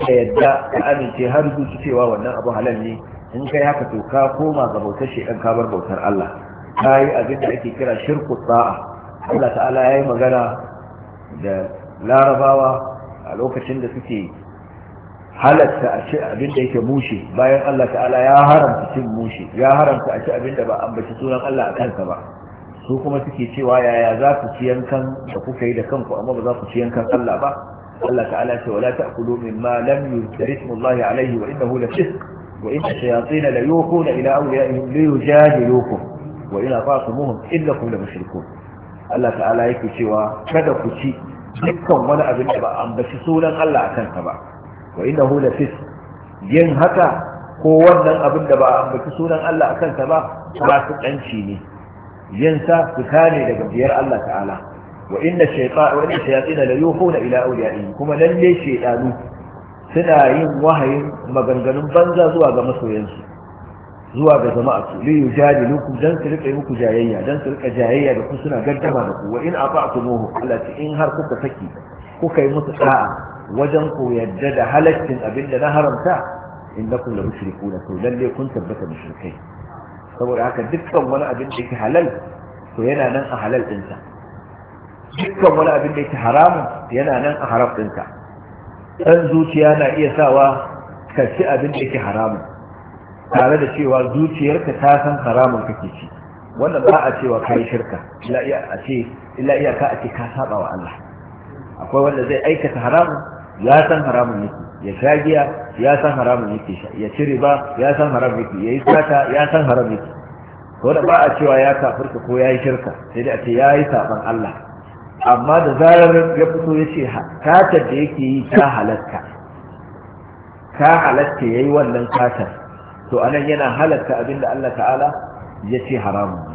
ta yadda ka amince har zuci cewa wannan abu halal ne in kai haka to ka koma ga bautar shaytan ka bar bautar Allah ta yi abin da ake kira shirku sa'a Allah ta'ala ya yi magana da larabawa a lokacin da suke halatta a ci abin da yake mushe bayan Allah ta'ala ya haramta cin mushe ya haramta a ci abin da ba ambaci sunan Allah a kansa ba su kuma suke cewa yaya za ku ci yankan da kuka yi da kanku amma ba za ku ci yankan Allah ba Allah ta'ala ce wala ta'kulu mimma lam yuzkar ismullahi alayhi wa innahu la fisq wa inna shayatin la yuquna ila awliyaihim li yujadilukum wa ina ila fa'tumuhum innakum da mushrikun Allah ta'ala yake cewa kada ku ci dukkan wani abin da ba ambaci sunan Allah akan sa ba wa innahu la fis yin haka ko wannan abin da ba ambaci sunan Allah akan sa ba fasikanci ne yin sa fita ne daga biyar Allah ta'ala wa inna shaytan wa inna shayatin la yuhuna ila awliya'ihim kuma lalle shaytanu suna yin wahayin maganganun banza zuwa ga masoyansu zuwa ga jama'a su li yujadilukum dan su rika muku jayayya dan su rika jayayya da ku suna gaddama da ku wa in ata'tumuhu Allah ce in har kuka saki kuka yi musu da'a wajen ku yadda da halaccin abin da na haramta In innakum la mushrikuna to lalle kun tabbata mushrikai saboda haka dukkan wani abin da yake halal to yana nan a halal dinsa dukkan wani abin da yake haramun yana nan a haram dinsa dan zuciya na iya sawa ka ci abin da yake haramun tare da cewa zuciyarka ta san haramun kake ci wannan ba a cewa kai shirka illa iya a ce illa iya ka a ce ka saba wa Allah akwai wanda zai aikata haramun ya san haramun yake ya sha giya ya san haramun yake ya ci riba ya san haram yake ya yi sata ya san haram yake ko da ba a cewa ya kafirka ko ya yi shirka sai dai a ce ya yi saban Allah amma da zarar ya fito ya ce Katar da yake yi ta halatta ka halatta ya yi wannan katar. to anan yana halatta abinda Allah ta'ala ya ce haramun ne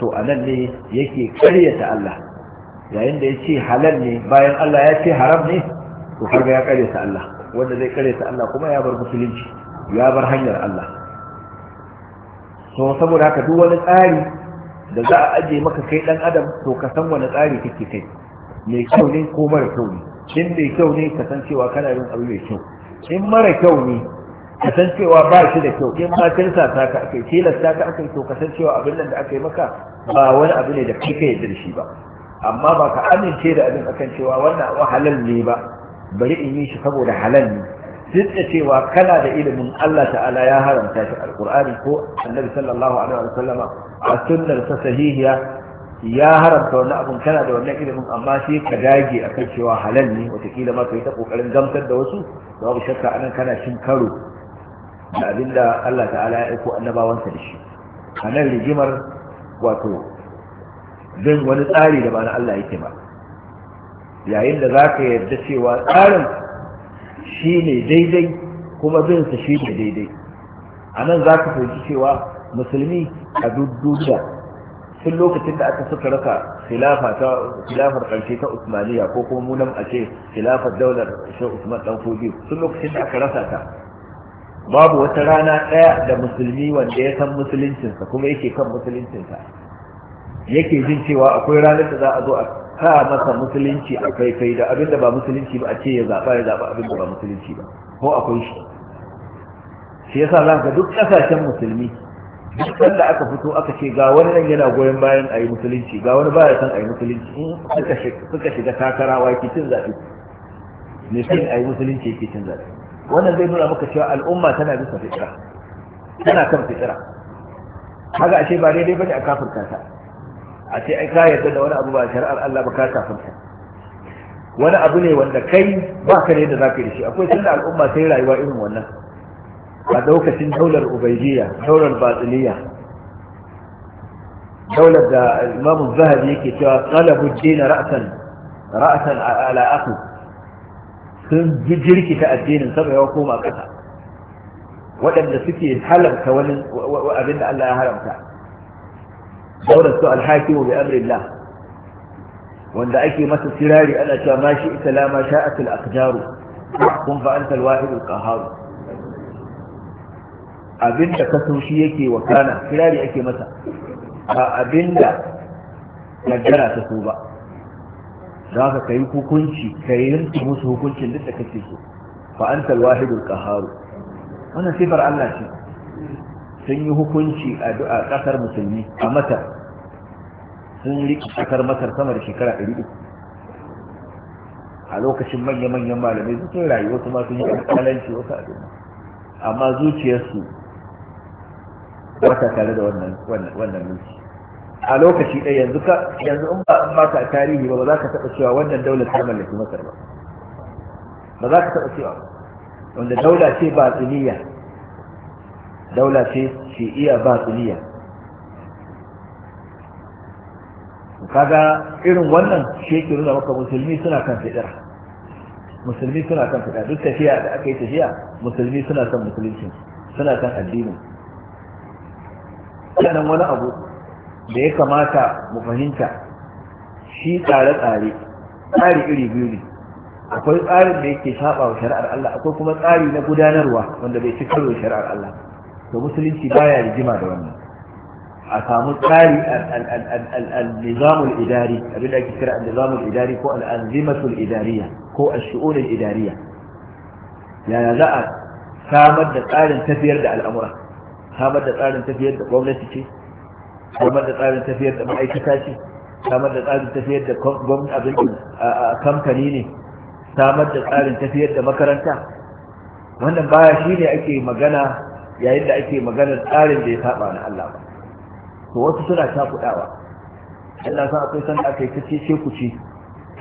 to anan ne yake karyata Allah yayin da ya ce halal ne bayan Allah ya ce haram ne to kaga ya karyata Allah wanda zai karyata Allah kuma ya bar musulunci ya bar hanyar Allah to saboda haka duk wani tsari da za a aje maka kai dan adam to ka san wani tsari kake kai mai kyau ne ko mara kyau ne in mai kyau ne ka san cewa kana yin abu mai kyau in mara kyau ne kasan cewa ba shi da kyau in ma tirsa ta ka tilasta ka akai to ka cewa abin nan da aka yi maka ba wani abu ne da kai ka yarda shi ba amma ba ka amince da abin akan cewa wannan abu halal ne ba bari in yi shi saboda halal ne duk da cewa kana da ilimin Allah ta'ala ya haramta shi alqur'ani ko annabi sallallahu alaihi wa sallama a sunnar ta sahihiya ya haramta wani abun kana da wannan ilimin amma sai ka dage akan cewa halal ne wataƙila ma ka yi ta ƙoƙarin gamsar da wasu babu shakka anan kana cin karo da abinda Allah ta'ala ya aiko annabawansa da shi a nan rigimar wato bin wani tsari da ba na Allah yake ba yayin da za ka yarda cewa tsarin shi ne daidai kuma binsa shi ne daidai a nan za ka fahimci cewa musulmi a duniya sun lokacin da aka suka raka ta khilafar karshe ta Usmaniya ko kuma munan a ce daular Sheikh Usman dan Fodio lokacin da aka rasa ta babu wata rana ɗaya da musulmi wanda ya san musuluncinsa kuma yake kan musuluncinsa yake jin cewa akwai ranar da za a zo a ka masa musulunci a kai da abinda ba musulunci ba a ce ya zaɓa ya zaɓa abinda ba musulunci ba ko akwai shi shi yasa za ka duk ƙasashen musulmi duk wanda aka fito aka ce ga wani nan yana goyon bayan a yi musulunci ga wani baya son a yi musulunci in suka shiga takara wa ke cin zaɓe ne sai a yi musulunci ke cin zaɓe wannan zai nuna maka cewa al'umma tana bisa fitira tana kan fitira haka ashe ba daidai bane a kafirta ta a ce ai ka yarda da wani abu ba shari'ar Allah ba ka kafirta wani abu ne wanda kai ba ka ne da za ka yi shi akwai tunda al'umma sai rayuwa irin wannan a lokacin daular ubaidiyya daular batsiliya, daular da imamu zahabi yake cewa qalabu ad-din ra'san ra'san ala aql sun ta addinin sama ya koma ƙasa waɗanda suke halarta wani abin da Allah ya haramta daular su alhakimu bi amrillah wanda ake masa sirari ana cewa ma shi ita la ma sha'atul aqdaru kun fa anta alwahid alqahhar abinda ka so shi yake wakana sirari ake masa ba abinda kaddara ta so ba za ka kai hukunci ka yanke musu hukuncin duk da kake so fa anta alwahidul qahhar wannan sifar Allah ce sun yi hukunci a du'a kasar musulmi a mata sun riƙe kasar Masar sama da shekara 300 a lokacin manya-manyan malamai su sun rayu wasu ma sun yi kalanci wasu a duniya amma zuciyarsu wata tare da wannan wannan mulki a lokaci ɗaya yanzu ka yanzu in ba in ba ka tarihi ba za ka taɓa cewa wannan daular ta mallaki masar ba ba za ka taɓa cewa wanda daula ce ba tsiniya daula ce ce iya ba tsiniya kaga irin wannan shi yake nuna maka musulmi suna kan fidar musulmi suna kan fidar duk tafiya da aka yi tafiya musulmi suna kan musulunci suna kan addini sannan wani abu da ya kamata mu fahimta shi tsare-tsare tsari iri biyu ne akwai tsarin da yake saba wa shari'ar Allah akwai kuma tsari na gudanarwa wanda bai ci karo shari'ar Allah to musulunci baya rigima da wannan a samu tsari al-nizamul idari abin da ake kira al-nizamul idari ko al-anzimatul idariya ko al-shu'urul idariya yaya za a samar da tsarin tafiyar da al'amura samar da tsarin tafiyar da gwamnati ce samar da tsarin tafiyar da ma'aikata ce samar da tsarin tafiyar da gwamnati a kamfani ne samar da tsarin tafiyar da makaranta wannan baya shi ne ake magana yayin da ake magana tsarin da ya saba na Allah ba to wasu suna takudawa Allah sa akwai san aka yi kace ce ku ce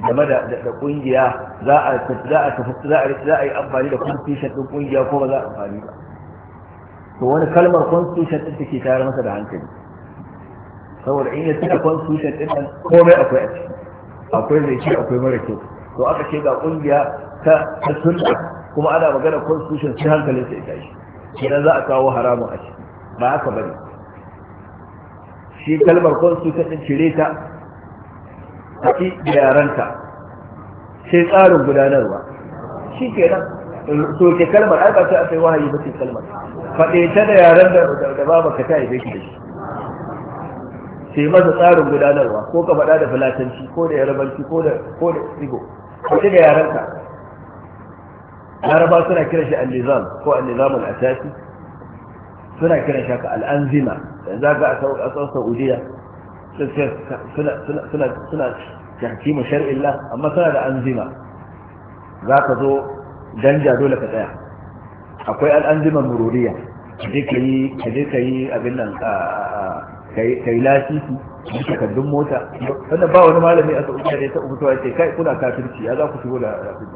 game da da kungiya za a za a za a za a yi amfani da constitution din kungiya ko ba za a amfani ba to wani kalmar constitution din take tare masa da hankali saboda in ya cika constitution ɗin nan komai akwai a ciki akwai mai kyau akwai mara kyau to aka ce ga kungiya ta ta sunna kuma ana magana constitution sai hankalin sa ya tashi kenan za a kawo haramun a ciki ba haka bane shi kalmar constitution ɗin cire ta a ci da yaranta sai tsarin gudanarwa shi kenan soke kalmar ai ba sai a sai wahayi ba ce kalmar faɗe ta da yaran da ba ka ta yi da shi sai masa tsarin gudanarwa ko ka faɗa da filatanci, ko da yarabanci ko da ko da tsigo ko ga yaranka laraba suna kiran shi al-nizam ko al-nizam al-asasi suna kiran shi haka al-anzima yanzu ga a kasar saudiya suna suna suna tahkimu shar'illah amma suna da anzima za ka zo danja dole ka tsaya akwai al-anzima mururiya kaje kayi kaje kayi abin nan a ka yi lasisi da takardun mota wanda ba wani malami a sauƙi da ya taɓa fitowa ce kai kuna kafirci ya za ku shigo da rafin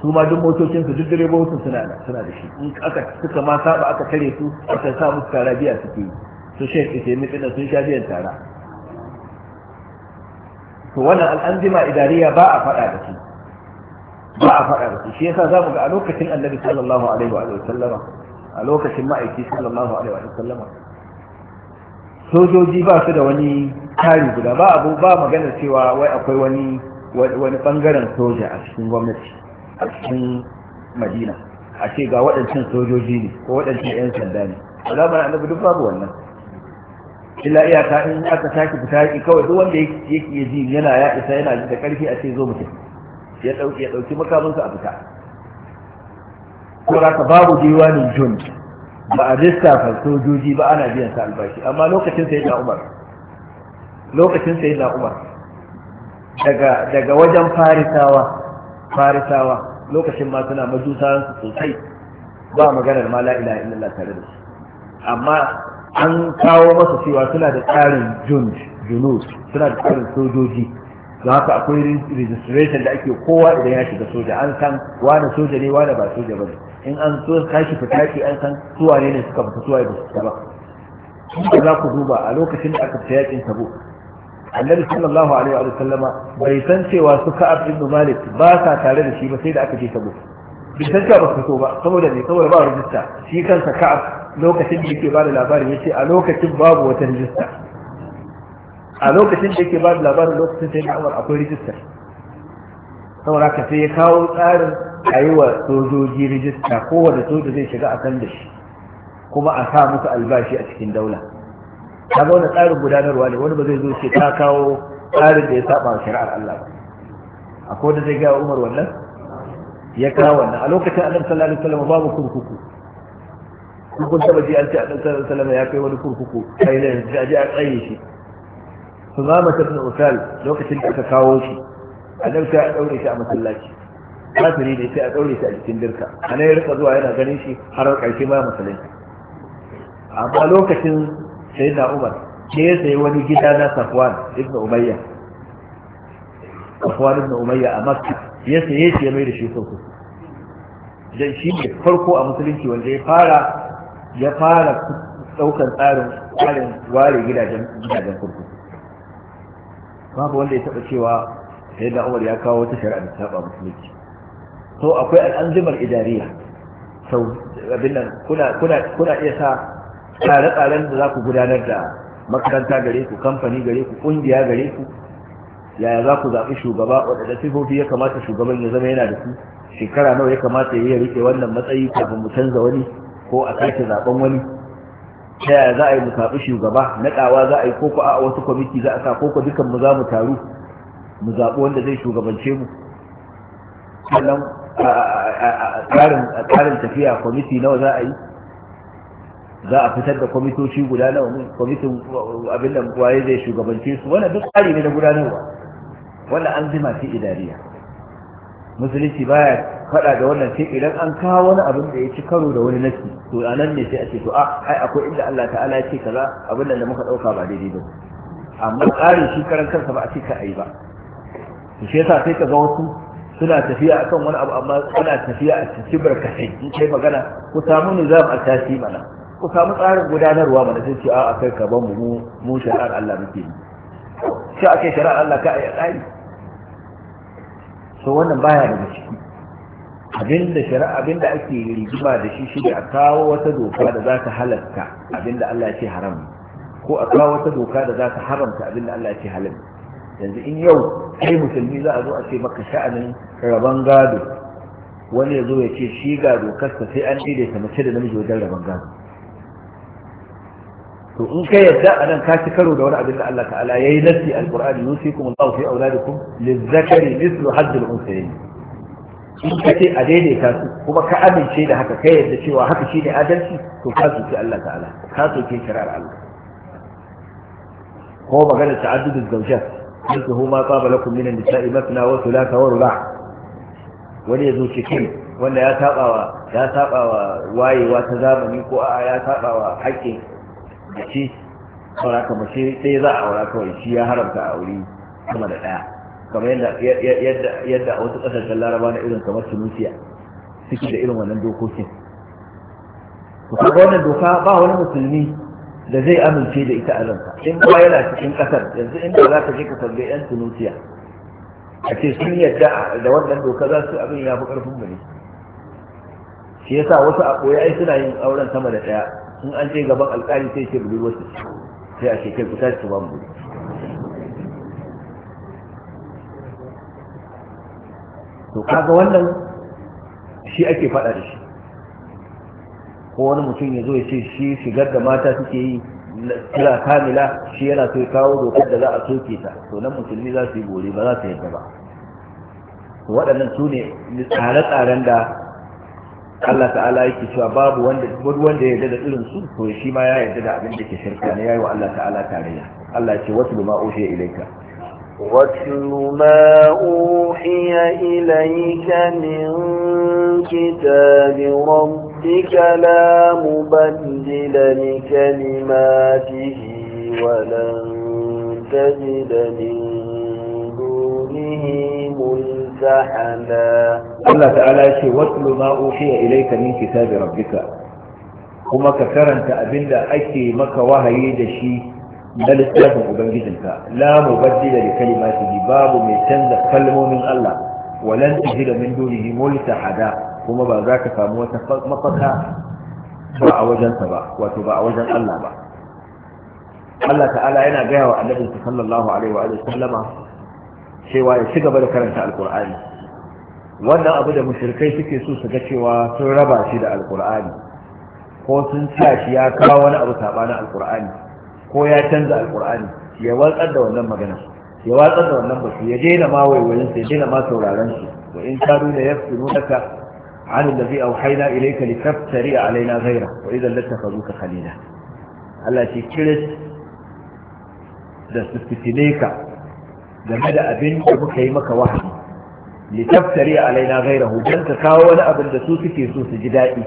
su ma duk motocin su duk direbobin suna da suna da shi in aka suka ma saba aka tare su aka sa musu tara biya suke yi su shek isemi ɗin sun sha biyan tara to wannan al'anzima idariya ba a faɗa da su ba a faɗa da su shi yasa zamu ga a lokacin annabi sallallahu alaihi wa sallama a lokacin ma'aiki sallallahu alaihi wa sallama sojoji ba su da wani tari guda ba abu ba magana cewa wai akwai wani wani bangaren soja a cikin gwamnati a cikin madina a ce ga waɗancan sojoji ne ko waɗancan 'yan sanda ne a zamanin annabi duk babu wannan illa iyaka in aka sake fita yaƙi kawai duk wanda yake ji yana ya isa yana da ƙarfi a ce zo mutum ya ɗauki makamansa a fita ko ka babu diwanin junji ba a distafa sojoji ba ana biyan sa albashi amma lokacin sai na umar lokacin sai na umar daga wajen farisawa farisawa lokacin ma suna majusawan su sosai ba maganar ma la ilaha illallah tare da su amma an kawo masa cewa suna da tsarin jun, junus suna da tsarin sojoji don haka akwai registration da ake kowa idan ya shiga soja an san wane soja ne wane ba soja ba ne in an so kashi fita ce an san suwa ne ne suka fita suwa da su ba kuma za ku duba a lokacin da aka fita yakin tabo annabi sallallahu alaihi wa sallama bai san cewa su ka'ab ibn malik ba sa tare da shi ba sai da aka je tabo bai san cewa ba su so ba saboda ne saboda ba rajista shi kansa ka lokacin da yake ba da labarin ya ce a lokacin babu wata rajista a lokacin da yake ba da labarin lokacin sai da Umar akwai rajista saboda ka sai ya kawo tsarin a yi wa sojoji rijista kowane soja zai shiga a san da shi kuma a sa musu albashi a cikin daula ta ga tsarin gudanarwa ne wani ba zai zo ce ta kawo tsarin da ya saba shari'ar Allah ba akwai wanda zai gaya Umar wannan ya kawo wannan a lokacin Annabi sallallahu alaihi wasallam babu kurkuku kun taba ji an ce Annabi sallallahu alaihi wasallam ya kai wani kurkuku sai ne da ji a tsaye shi Sumama ibn Usal lokacin da aka kawo shi annabi a daure shi a masallaci kafiri ne sai a daure shi a cikin dirka nan ya rika zuwa yana ganin shi har ƙarshe ma masallaci. amma lokacin na Umar ke ya sayi wani gida na Safwan ibn Umayya Safwan ibn Umayya a Makka ya saye shi ya mai da shi sauku dan shi ne farko a musulunci wanda ya fara ya fara daukan tsarin tsarin ware gidajen gidajen kurkuku babu wanda ya taba cewa sayyidina umar ya kawo wata shari'a da saba musulunci to akwai al'anzumar idariya sau abin nan kuna kuna kuna iya sa tsare-tsaren da za ku gudanar da makaranta gare ku kamfani gare ku kungiya gare ku yaya za ku zaɓi shugaba waɗanda sifofi ya kamata shugaban ya zama yana da su shekara nawa ya kamata ya rike wannan matsayi kafin mu canza wani ko a sake zaɓen wani ta yaya za a yi mu shugaba naɗawa za a yi koko a wasu kwamiti za a sa koko dukan mu za mu taru mu zaɓi wanda zai shugabance mu sannan a tsarin tafiya kwamiti nawa za a yi za a fitar da kwamitoci guda nawa ne kwamitin abin da waye zai shugabance su wanda duk tsari ne na gudanarwa wanda an zima ce idariya musulunci baya faɗa da wannan sai idan an kawo wani abin da ya ci karo da wani nasi to a nan ne sai a ce to a ai akwai inda Allah ta'ala ya ce kaza abin da muka ɗauka ba daidai ba amma tsarin shi karan kansa ba a ce ka ai ba shi yasa sai ka ga wasu suna tafiya akan wani abu amma suna tafiya a cikin barkatai in kai magana ku samu nizam a tashi mana ku samu tsarin gudanarwa mana sai ce a a kai ka ban mu mu shari'ar Allah muke yi shi ake kai shari'ar Allah ka a tsari so wannan baya daga ciki abinda shari'a abinda ake rigima da shi shi a kawo wata doka da za ta halatta abinda Allah ya ce haram ko a kawo wata doka da za ta haramta abinda Allah ya ce halal yanzu in yau kai musulmi za a zo a ce maka sha'anin raban gado wani ya zo ya ce shi ga dokarsa sai an daidaita mace da namiji wajen raban gado to in kai yadda a nan ka ci karo da wani abin da Allah ta'ala ya yi nassi alqur'ani yusikum Allahu fi auladikum lizzakari mithlu hadd al-unthayayn in ka ce a daidaita su kuma ka amince da haka kai yadda cewa haka shi ne adalci to ka soke Allah ta'ala ka soke shari'ar Allah ko magana ta'addudu zawjat yankahu ma tsaba lakum minan nisa'i masna wa thulatha wa ruba' wani yazo cikin wanda ya sabawa ya sabawa wayewa ta zamani ko a ya sabawa haƙƙin mace saura ka shi sai za a aura kawai shi ya haramta a wuri sama da ɗaya kamar yadda yadda a wasu ƙasashen laraba na irin kamar tunisia suke da irin wannan dokokin ku kaga wannan doka ba wani musulmi da zai amince da ita a ransa in kuma yana cikin kasar yanzu inda za ka je ka tambaye yan tunisiya a ce sun yadda da wannan doka za su abin ya fi karfin mu ne shi yasa wasu a koyi ai suna yin auren sama da daya in an je gaban alkali sai ce budurwar su sai a ce kai ku tashi ba to kaga wannan shi ake faɗa da shi ko wani mutum ya zo ya ce shi shigar da mata suke yi kira kamila shi yana so ya kawo dokar da za a soke ta to nan musulmi za su yi gore ba za su yadda ba waɗannan su ne tsare-tsaren da Allah ta'ala yake cewa babu wanda duk wanda ya yarda da irin su to shi ma ya yarda da abin da ke shirka ne yayi wa Allah ta'ala tarayya Allah ya ce wasu ma ushe ilaika واتل ما أوحي إليك من كتاب ربك ربك لا مبدل لكلماته ولن تجد من دونه ملتحدا الله تعالى يشي واتل ما أوحي إليك من كتاب ربك kuma ka karanta abin da ake maka wahayi da shi na littafin ubangijinka la mubaddila li kalimatihi babu mai canza kalmomin Allah walan tajida min dunihi kuma ba za ka samu wata mafaka ba a wajensa ba wato ba a wajen Allah ba Allah ta'ala yana gaya wa annabinsa sallallahu alaihi wa sallama cewa ya shiga gaba da karanta alkur'ani wannan abu da mushrikai suke so su ga cewa sun raba shi da alkur'ani ko sun sa shi ya kawo wani abu sabanin alkur'ani ko ya canza alkur'ani ya watsar da wannan magana ya watsar da wannan batu ya daina ma waiwayin ya daina ma sauraron shi wa in kadu da yafsu nunaka عن الذي أوحينا إليك لتفتري علينا غيره وإذا لاتخذوك خليلا التي كلت da su fitile ka game da abin da muka yi maka wahayi litaftari alaina ghairahu dan ka kawo wani abin da su suke so su ji daɗi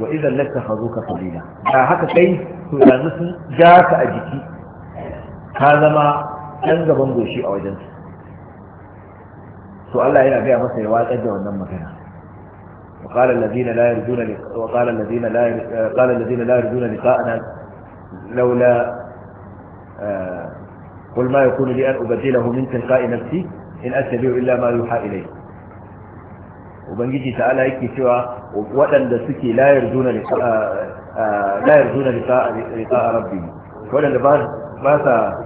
wa idan lattakhazuka qalila da haka kai to yanzu sun a jiki ka zama ɗan gaban a wajen su Allah yana gaya masa ya watsar da wannan magana وقال الذين لا يرجون وقال الذين لا آه، قال الذين لا يرجون لقاءنا لولا آه، قل ما يكون لي أن أبدله من تلقاء نفسي إن أتبع إلا ما يوحى الي وبنجي تعالى يكي سوى وأن سكي لا يرجون لقاء آه، لا يرجون لقاء لقاء ربي بعد ما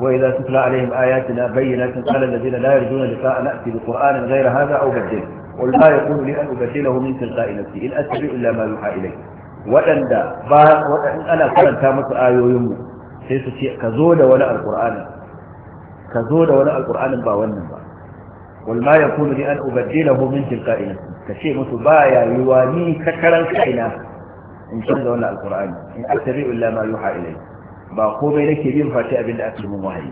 وإذا تتلى عليهم آياتنا بينات قال الذين لا يرجون لقاء نأتي بقرآن غير هذا أو بدله qul ma yakunu li an ubatilahu min tilqa'i nafsi in attabi'u illa ma yuha waɗanda ana karanta musu ayoyinmu sai su ce ka zo da wani alqur'ani ba wannan ba qul ma yakunu li an ubatilahu min tilqa'i nafsi kace musu ba ya yiwa ni ka kaina in canza wannan alqur'ani in attabi'u illa ma yuha ba komai nake bin fati abinda aka yi mun wahayi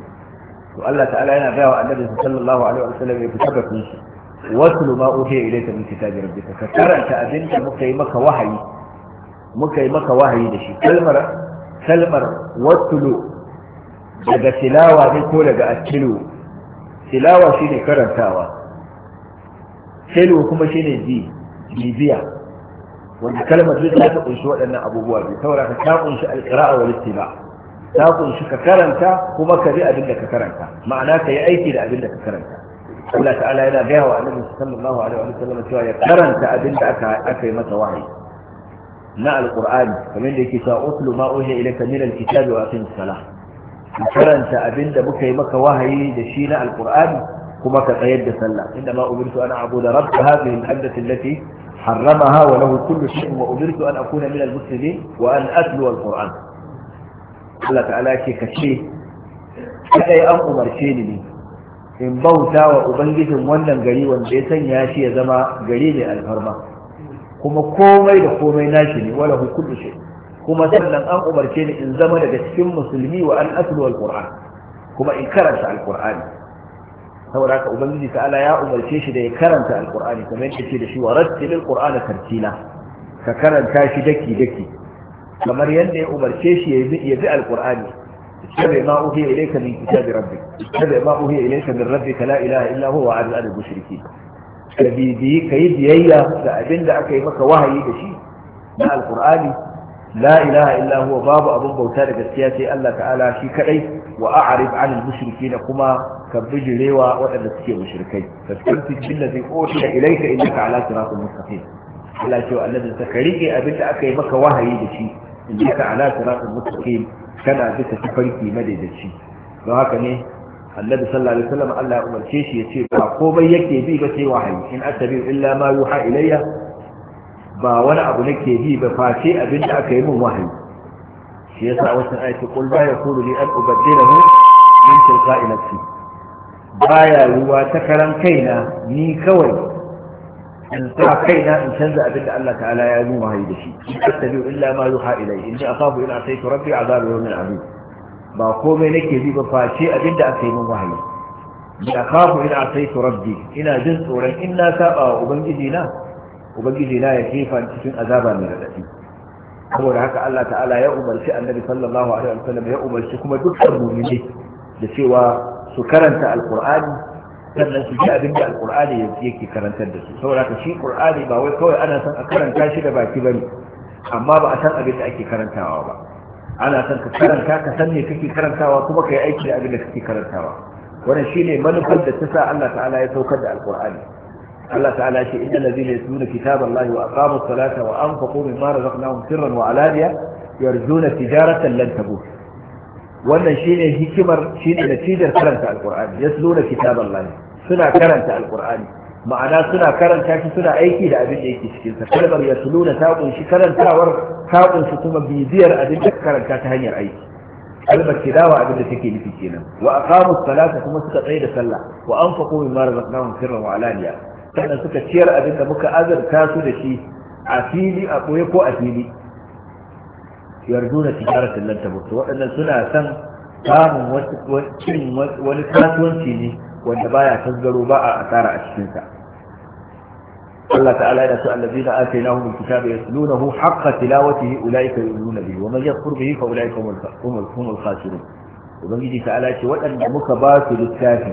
to Allah ta'ala yana gaya annabi sallallahu alaihi ya wasu ma uhiya ilayka min kitabi rabbika ka karanta abin da muka yi maka wahayi muka yi maka wahayi da shi kalmar kalmar wasu daga tilawa ne ko daga atilu tilawa shine karantawa tilu kuma shine ji bibiya wanda kalmar duk za ta kunshi waɗannan abubuwa biyu saboda ka ta kunshi alƙira'a wal ittiba ta kunshi ka karanta kuma ka bi abin da ka karanta ma'ana ka yi aiki da abin da ka karanta Allah ta'ala yana gaya wa annabi sallallahu alaihi wa sallam cewa ya karanta abin da aka aka yi masa wahayi na alqur'ani kamar da yake cewa utlu ma uhiya ilayka min alkitabi wa aqim salah karanta abin da muka yi maka wahayi da shi na alqur'ani kuma ka tsayar da sallah inda ma umirtu ana abuda rabb hadhihi al-abdati allati harramaha wa lahu kullu shay'in wa umirtu an akuna min al-muslimin wa an atlu al-qur'an Allah ta'ala ke kace kai an umarce ni in bauta wa ubangijin wannan gari wanda ya sanya shi ya zama gari mai alfarma kuma komai da komai nashi ne wala hukudu shi kuma sannan an umarce ni in zama daga cikin musulmi wa an aslu alquran kuma in karanta alqur'ani saboda haka ubangiji ta Ala ya umarce shi da ya karanta alqur'ani kamar yadda ce da shi wa rattilil qur'ana tartila ka karanta shi daki daki kamar yadda ya umarce shi ya bi alqur'ani اتبع ما أوحي إليك من كتاب ربك اتبع ما أوحي إليك من ربك لا إله إلا هو وعن عن المشركين كبيدي كيد يأيا فأبن لأك يمك وهي بشي مع القرآن لا إله إلا هو باب أبو بوتان بسياتي الله تعالى شي كأي وأعرف عن المشركين كما كبجلي وأن تسكي مشركين فاستمسك بالذي أوحي إليك إنك على صراط المستقيم على شو الذي تكريك أبن لأك يمك وهي بشي إنك على صراط المستقيم kana bisa tafarki madaidaci don haka ne annabi sallallahu alaihi wasallam Allah ya umarce shi ya ce ba komai yake bi ba sai wahayi in attabi illa ma yuha ilayya ba wani abu nake bi ba face abin da aka yi min wahayi shi yasa wasu ayati qul la yakunu li an ubaddilahu min tilqa'i nafsi baya ruwa ta karan kaina ni kawai in sa kaina in canza abin da Allah ta'ala ya nuna hayi da shi attabi illa ma yuha ilai in ji asabu in asaitu rabbi azabu yawmin azim ba komai nake bi ba face abin da aka yi min wahayi In akhafu in asaitu rabbi ina jin tsoron in na saba wa ubangiji na ubangiji na ya kefa cikin azaba mai radadi saboda haka Allah ta'ala ya umarci annabi sallallahu alaihi wasallam ya umarci kuma dukkan mu'mini da cewa su karanta alqur'ani sannan su ji abin da alkur'ani yake karantar da su saboda ka shi qur'ani ba wai kawai ana son a karanta shi da baki ne, amma ba a san abin da ake karantawa ba ana son ka karanta ka san me kake karantawa kuma ka yi aiki da abin da kake karantawa wannan shine manufar da ta sa Allah ta'ala ya saukar da alkur'ani Allah ta'ala ya ce inna allazina yatluna kitaballahi wa aqamus salata wa anfaqu mimma razaqnahum sirran wa alaniya yarjuna tijaratan lan tabur wannan shine hikimar shine natijar karanta alqur'ani yasluna kitaballahi suna karanta alqur'ani ma'ana suna karanta shi suna aiki da abin da yake cikin sa kalmar yasluna ta kunshi karantawar ta kunshi kuma bibiyar abin da karanta ta hanyar aiki kalmar tilawa abin da take nufi kenan wa aqamu salata kuma suka tsaye da sallah wa anfaqu mimma razaqnahum sirran wa alaniya sannan suka ciyar abin da muka azurta su da shi a fili a koye ko a fili yarjuna tijaratan lan tabur to waɗannan suna san samun cin wani kasuwanci ne wanda baya tasgaro ba a asara a cikinsa. Allah ta'ala yana so allazina atainahum alkitaba yatlunahu haqqa tilawatihi ulaika yu'minuna bihi wa man yakfur bihi fa ulaika humul khasirun ubangiji ta'ala ce waɗanda muka ba su littafi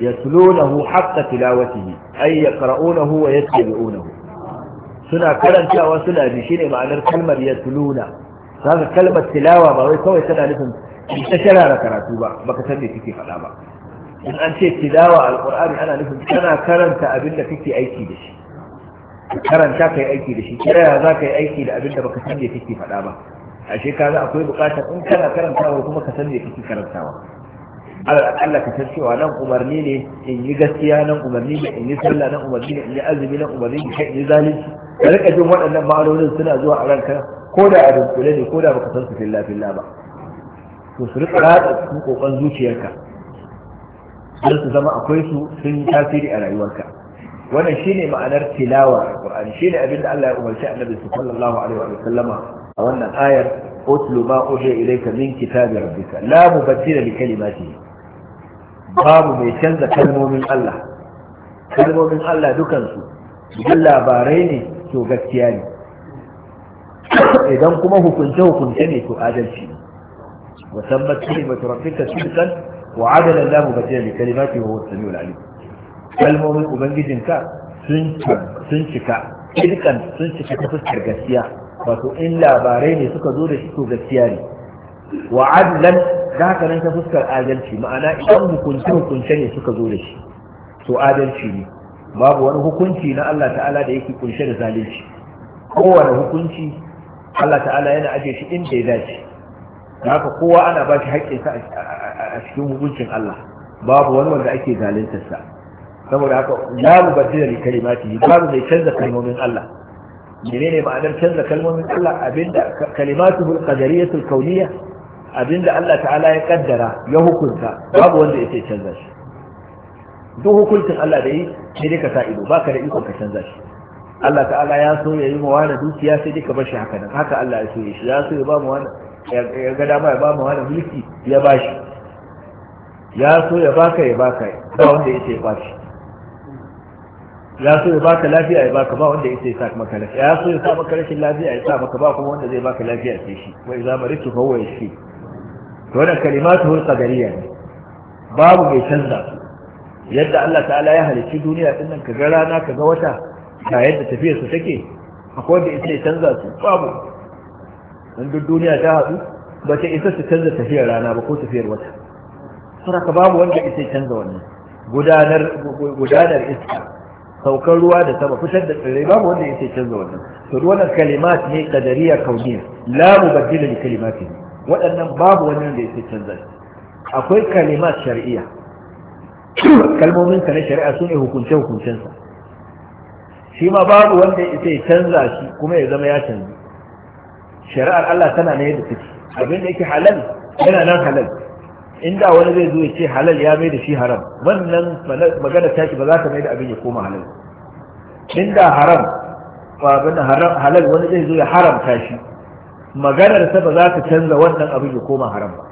yatlunahu haqqa tilawatihi ay yaqra'unahu wa yattabi'unahu suna karantawa suna bi shine ma'anar kalmar yatluna kaga kalmar tilawa ba wai kawai tana nufin ta da karatu ba baka san me kike faɗa ba in an ce tilawa alqur'ani ana nufin kana karanta abin da kake aiki da shi karanta kai aiki da shi kiraya za ka yi aiki da abin da baka san me kike faɗa ba ashe kaga akwai buƙatar in kana karantawa kuma ka san me kike karantawa alal akalla ka san cewa nan umarni ne in yi gaskiya nan umarni ne in yi sallah nan umarni ne in yi azumi nan umarni ne kai in yi zalunci ka rika jin waɗannan ma'anonin suna zuwa a ranka ko da a dunkule ne ko da baka san su filla filla ba to su rika ratsa su kokon zuciyarka don su zama akwai su sun yi tasiri a rayuwarka wannan shine ma'anar tilawa alqur'ani shine abinda Allah ya umarci annabi sallallahu alaihi wa sallama a wannan ayar utlu ma uhiya ilayka min kitabi rabbika la mubaddila li kalimatihi babu mai canza kalmomin Allah kalmomin Allah dukansu duk labarai ne to gaskiya ne idan kuma hukunce hukunce ne to adalci wa tabbat kalimatu rabbika sidqan wa adala Allah mubadilan li kalimati wa huwa samiul alim kalmomin ubangijinka sun sun cika sidqan sun cika ta fuskar gaskiya wato in labarai ne suka zo da shi to gaskiya ne wa adlan da haka nan ta fuskar adalci ma'ana idan hukunce hukunce ne suka zo da shi to adalci ne babu wani hukunci na Allah ta'ala da yake kunshe da zalunci kowane hukunci Allah ta'ala yana ajiye shi inda ya dace haka kowa ana ba shi haƙƙinsa a cikin hukuncin Allah babu wani wanda ake zaluntarsa saboda haka la mubaddila li kalimatihi babu mai canza kalmomin Allah menene ma'anar canza kalmomin Allah abinda kalimatuhul qadariyatul kauniyya abinda Allah ta'ala ya kaddara ya hukunta babu wanda yake canza shi duk hukuncin Allah da yi sai dai ka sa ido baka da iko ka canza shi Allah ta'ala ya so ya yi mawana dukiya sai duka bashi haka nan haka Allah ya so ya shi ya so ya ba mu wani ya ga dama ya ba mu wani mulki ya bashi ya so ya baka ya baka ba wanda ya ce ya bashi ya so ya baka lafiya ya baka ba wanda ya ya sa maka lafiya ya so ya sa maka rashin lafiya ya sa maka ba kuma wanda zai baka lafiya sai shi wa idza maritu fa huwa yashfi to wannan kalimatu hul qadariya babu mai canza yadda Allah ta'ala ya halicci duniya din nan ga rana ka ga wata ga yadda tafiyar su take akwai wanda isa canza su babu an duk duniya ta hadu? ba ta isa su canza tafiyar rana ba ko tafiyar wata saraka babu wanda isa ya canza wannan gudanar iska saukar ruwa da sama fitar da tsirrai babu wanda isa canza wannan to wannan kalimat ne kadariya kauniya la mubaddila li kalimati wadannan babu wani da isa canza akwai kalimat shar'iyya kalmomin ka na shari'a sune hukunce hukuncensa shi ma babu wanda ya canza shi kuma ya zama ya canzu shari'ar Allah tana ne da take abin da yake halal yana nan halal inda wani zai zo ya ce halal ya mai da shi haram wannan magana tashi ba za ta mai da abin ya koma halal inda haram abin halal wani zai zo ya haramta shi maganar sa ba za ta canza wannan abin ya koma haram ba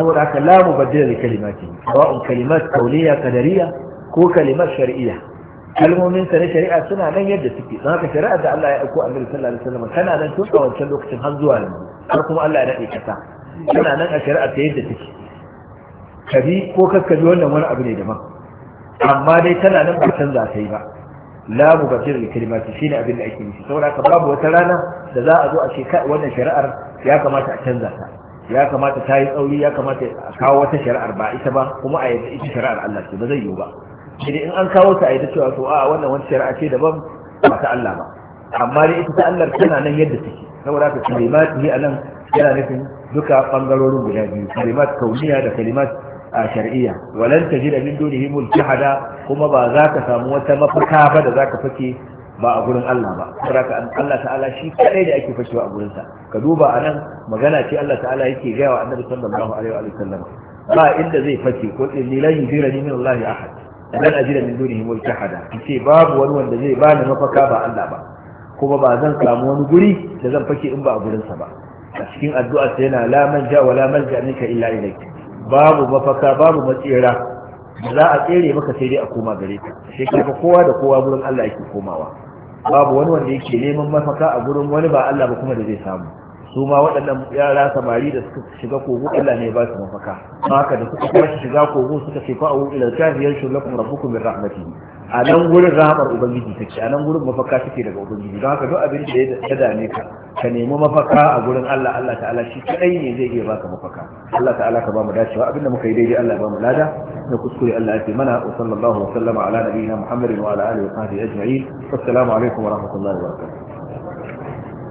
saboda haka la mubaddila li kalimati sawa'un kalimat qawliya qadariyya ko kalimat shar'iyya kalmomin sa na shari'a suna nan yadda suke don haka shari'a da Allah ya aiko annabi sallallahu alaihi wasallam tana nan tun a wancan lokacin har zuwa yanzu har kuma Allah ya dade kasa tana nan a shari'a ta yadda take kabi ko kakkabi wannan wani abu ne daban amma dai tana nan ba canza ta yi ba la mubadir li kalimati shine abin da ake nufi saboda ka babu wata rana da za a zo a ce wannan shari'ar ya kamata a canza ta ya kamata ta yi tsauri ya kamata a kawo wata shari'ar ba ita ba kuma a yadda ita shari'ar Allah ce ba zai yiwu ba shi in an kawo ta a yi ta cewa to a wannan wani shari'a ce daban ba ta Allah ba amma dai ita ta Allah tana nan yadda take saboda haka kalimat ni anan yana nufin duka bangarorin guda biyu kalimat kauniya da kalimat a shar'iyya walan tajida min dunihi multahada kuma ba za ka samu wata mafaka ba da za ka fake ba a gurin Allah ba saboda Allah ta'ala shi kadai da ake fashewa a sa. ka duba anan magana ce Allah ta'ala yake gaya wa Annabi sallallahu alaihi wa sallam ba inda zai fake ko lilan yudira ni min Allah ahad lan ajira min dunihi hada ce babu wani wanda zai bani mafaka ba Allah ba kuma ba zan samu wani guri da zan fake in ba a gurinsa ba a cikin addu'a sai yana la manja wa malja minka illa ilayk babu mafaka babu matsira za a tsere maka sai dai a koma gare ka sai kaga kowa da kowa gurin Allah yake komawa babu wani wanda yake neman mafaka a gurin wani ba Allah ba kuma da zai samu su ma waɗannan yara samari da suka shiga kogo Allah ne ba su mafaka haka da suka kuma shiga kogo suka ce fa'u ila kafiyar shulakum rabbukum min rahmati a nan gurin rahamar ubangiji take a nan gurin mafaka take daga ubangiji don haka duk abin da ya dame ka ka nemi mafaka a gurin Allah Allah ta'ala shi kadai ne zai iya baka mafaka Allah ta'ala ka ba mu dacewa abin da muka yi daidai Allah ya ba mu lada na kuskure Allah ya ce mana wa sallallahu wa sallama ala nabiyina Muhammadin wa ala alihi wa sahbihi ajma'in assalamu alaikum wa rahmatullahi wa barakatuh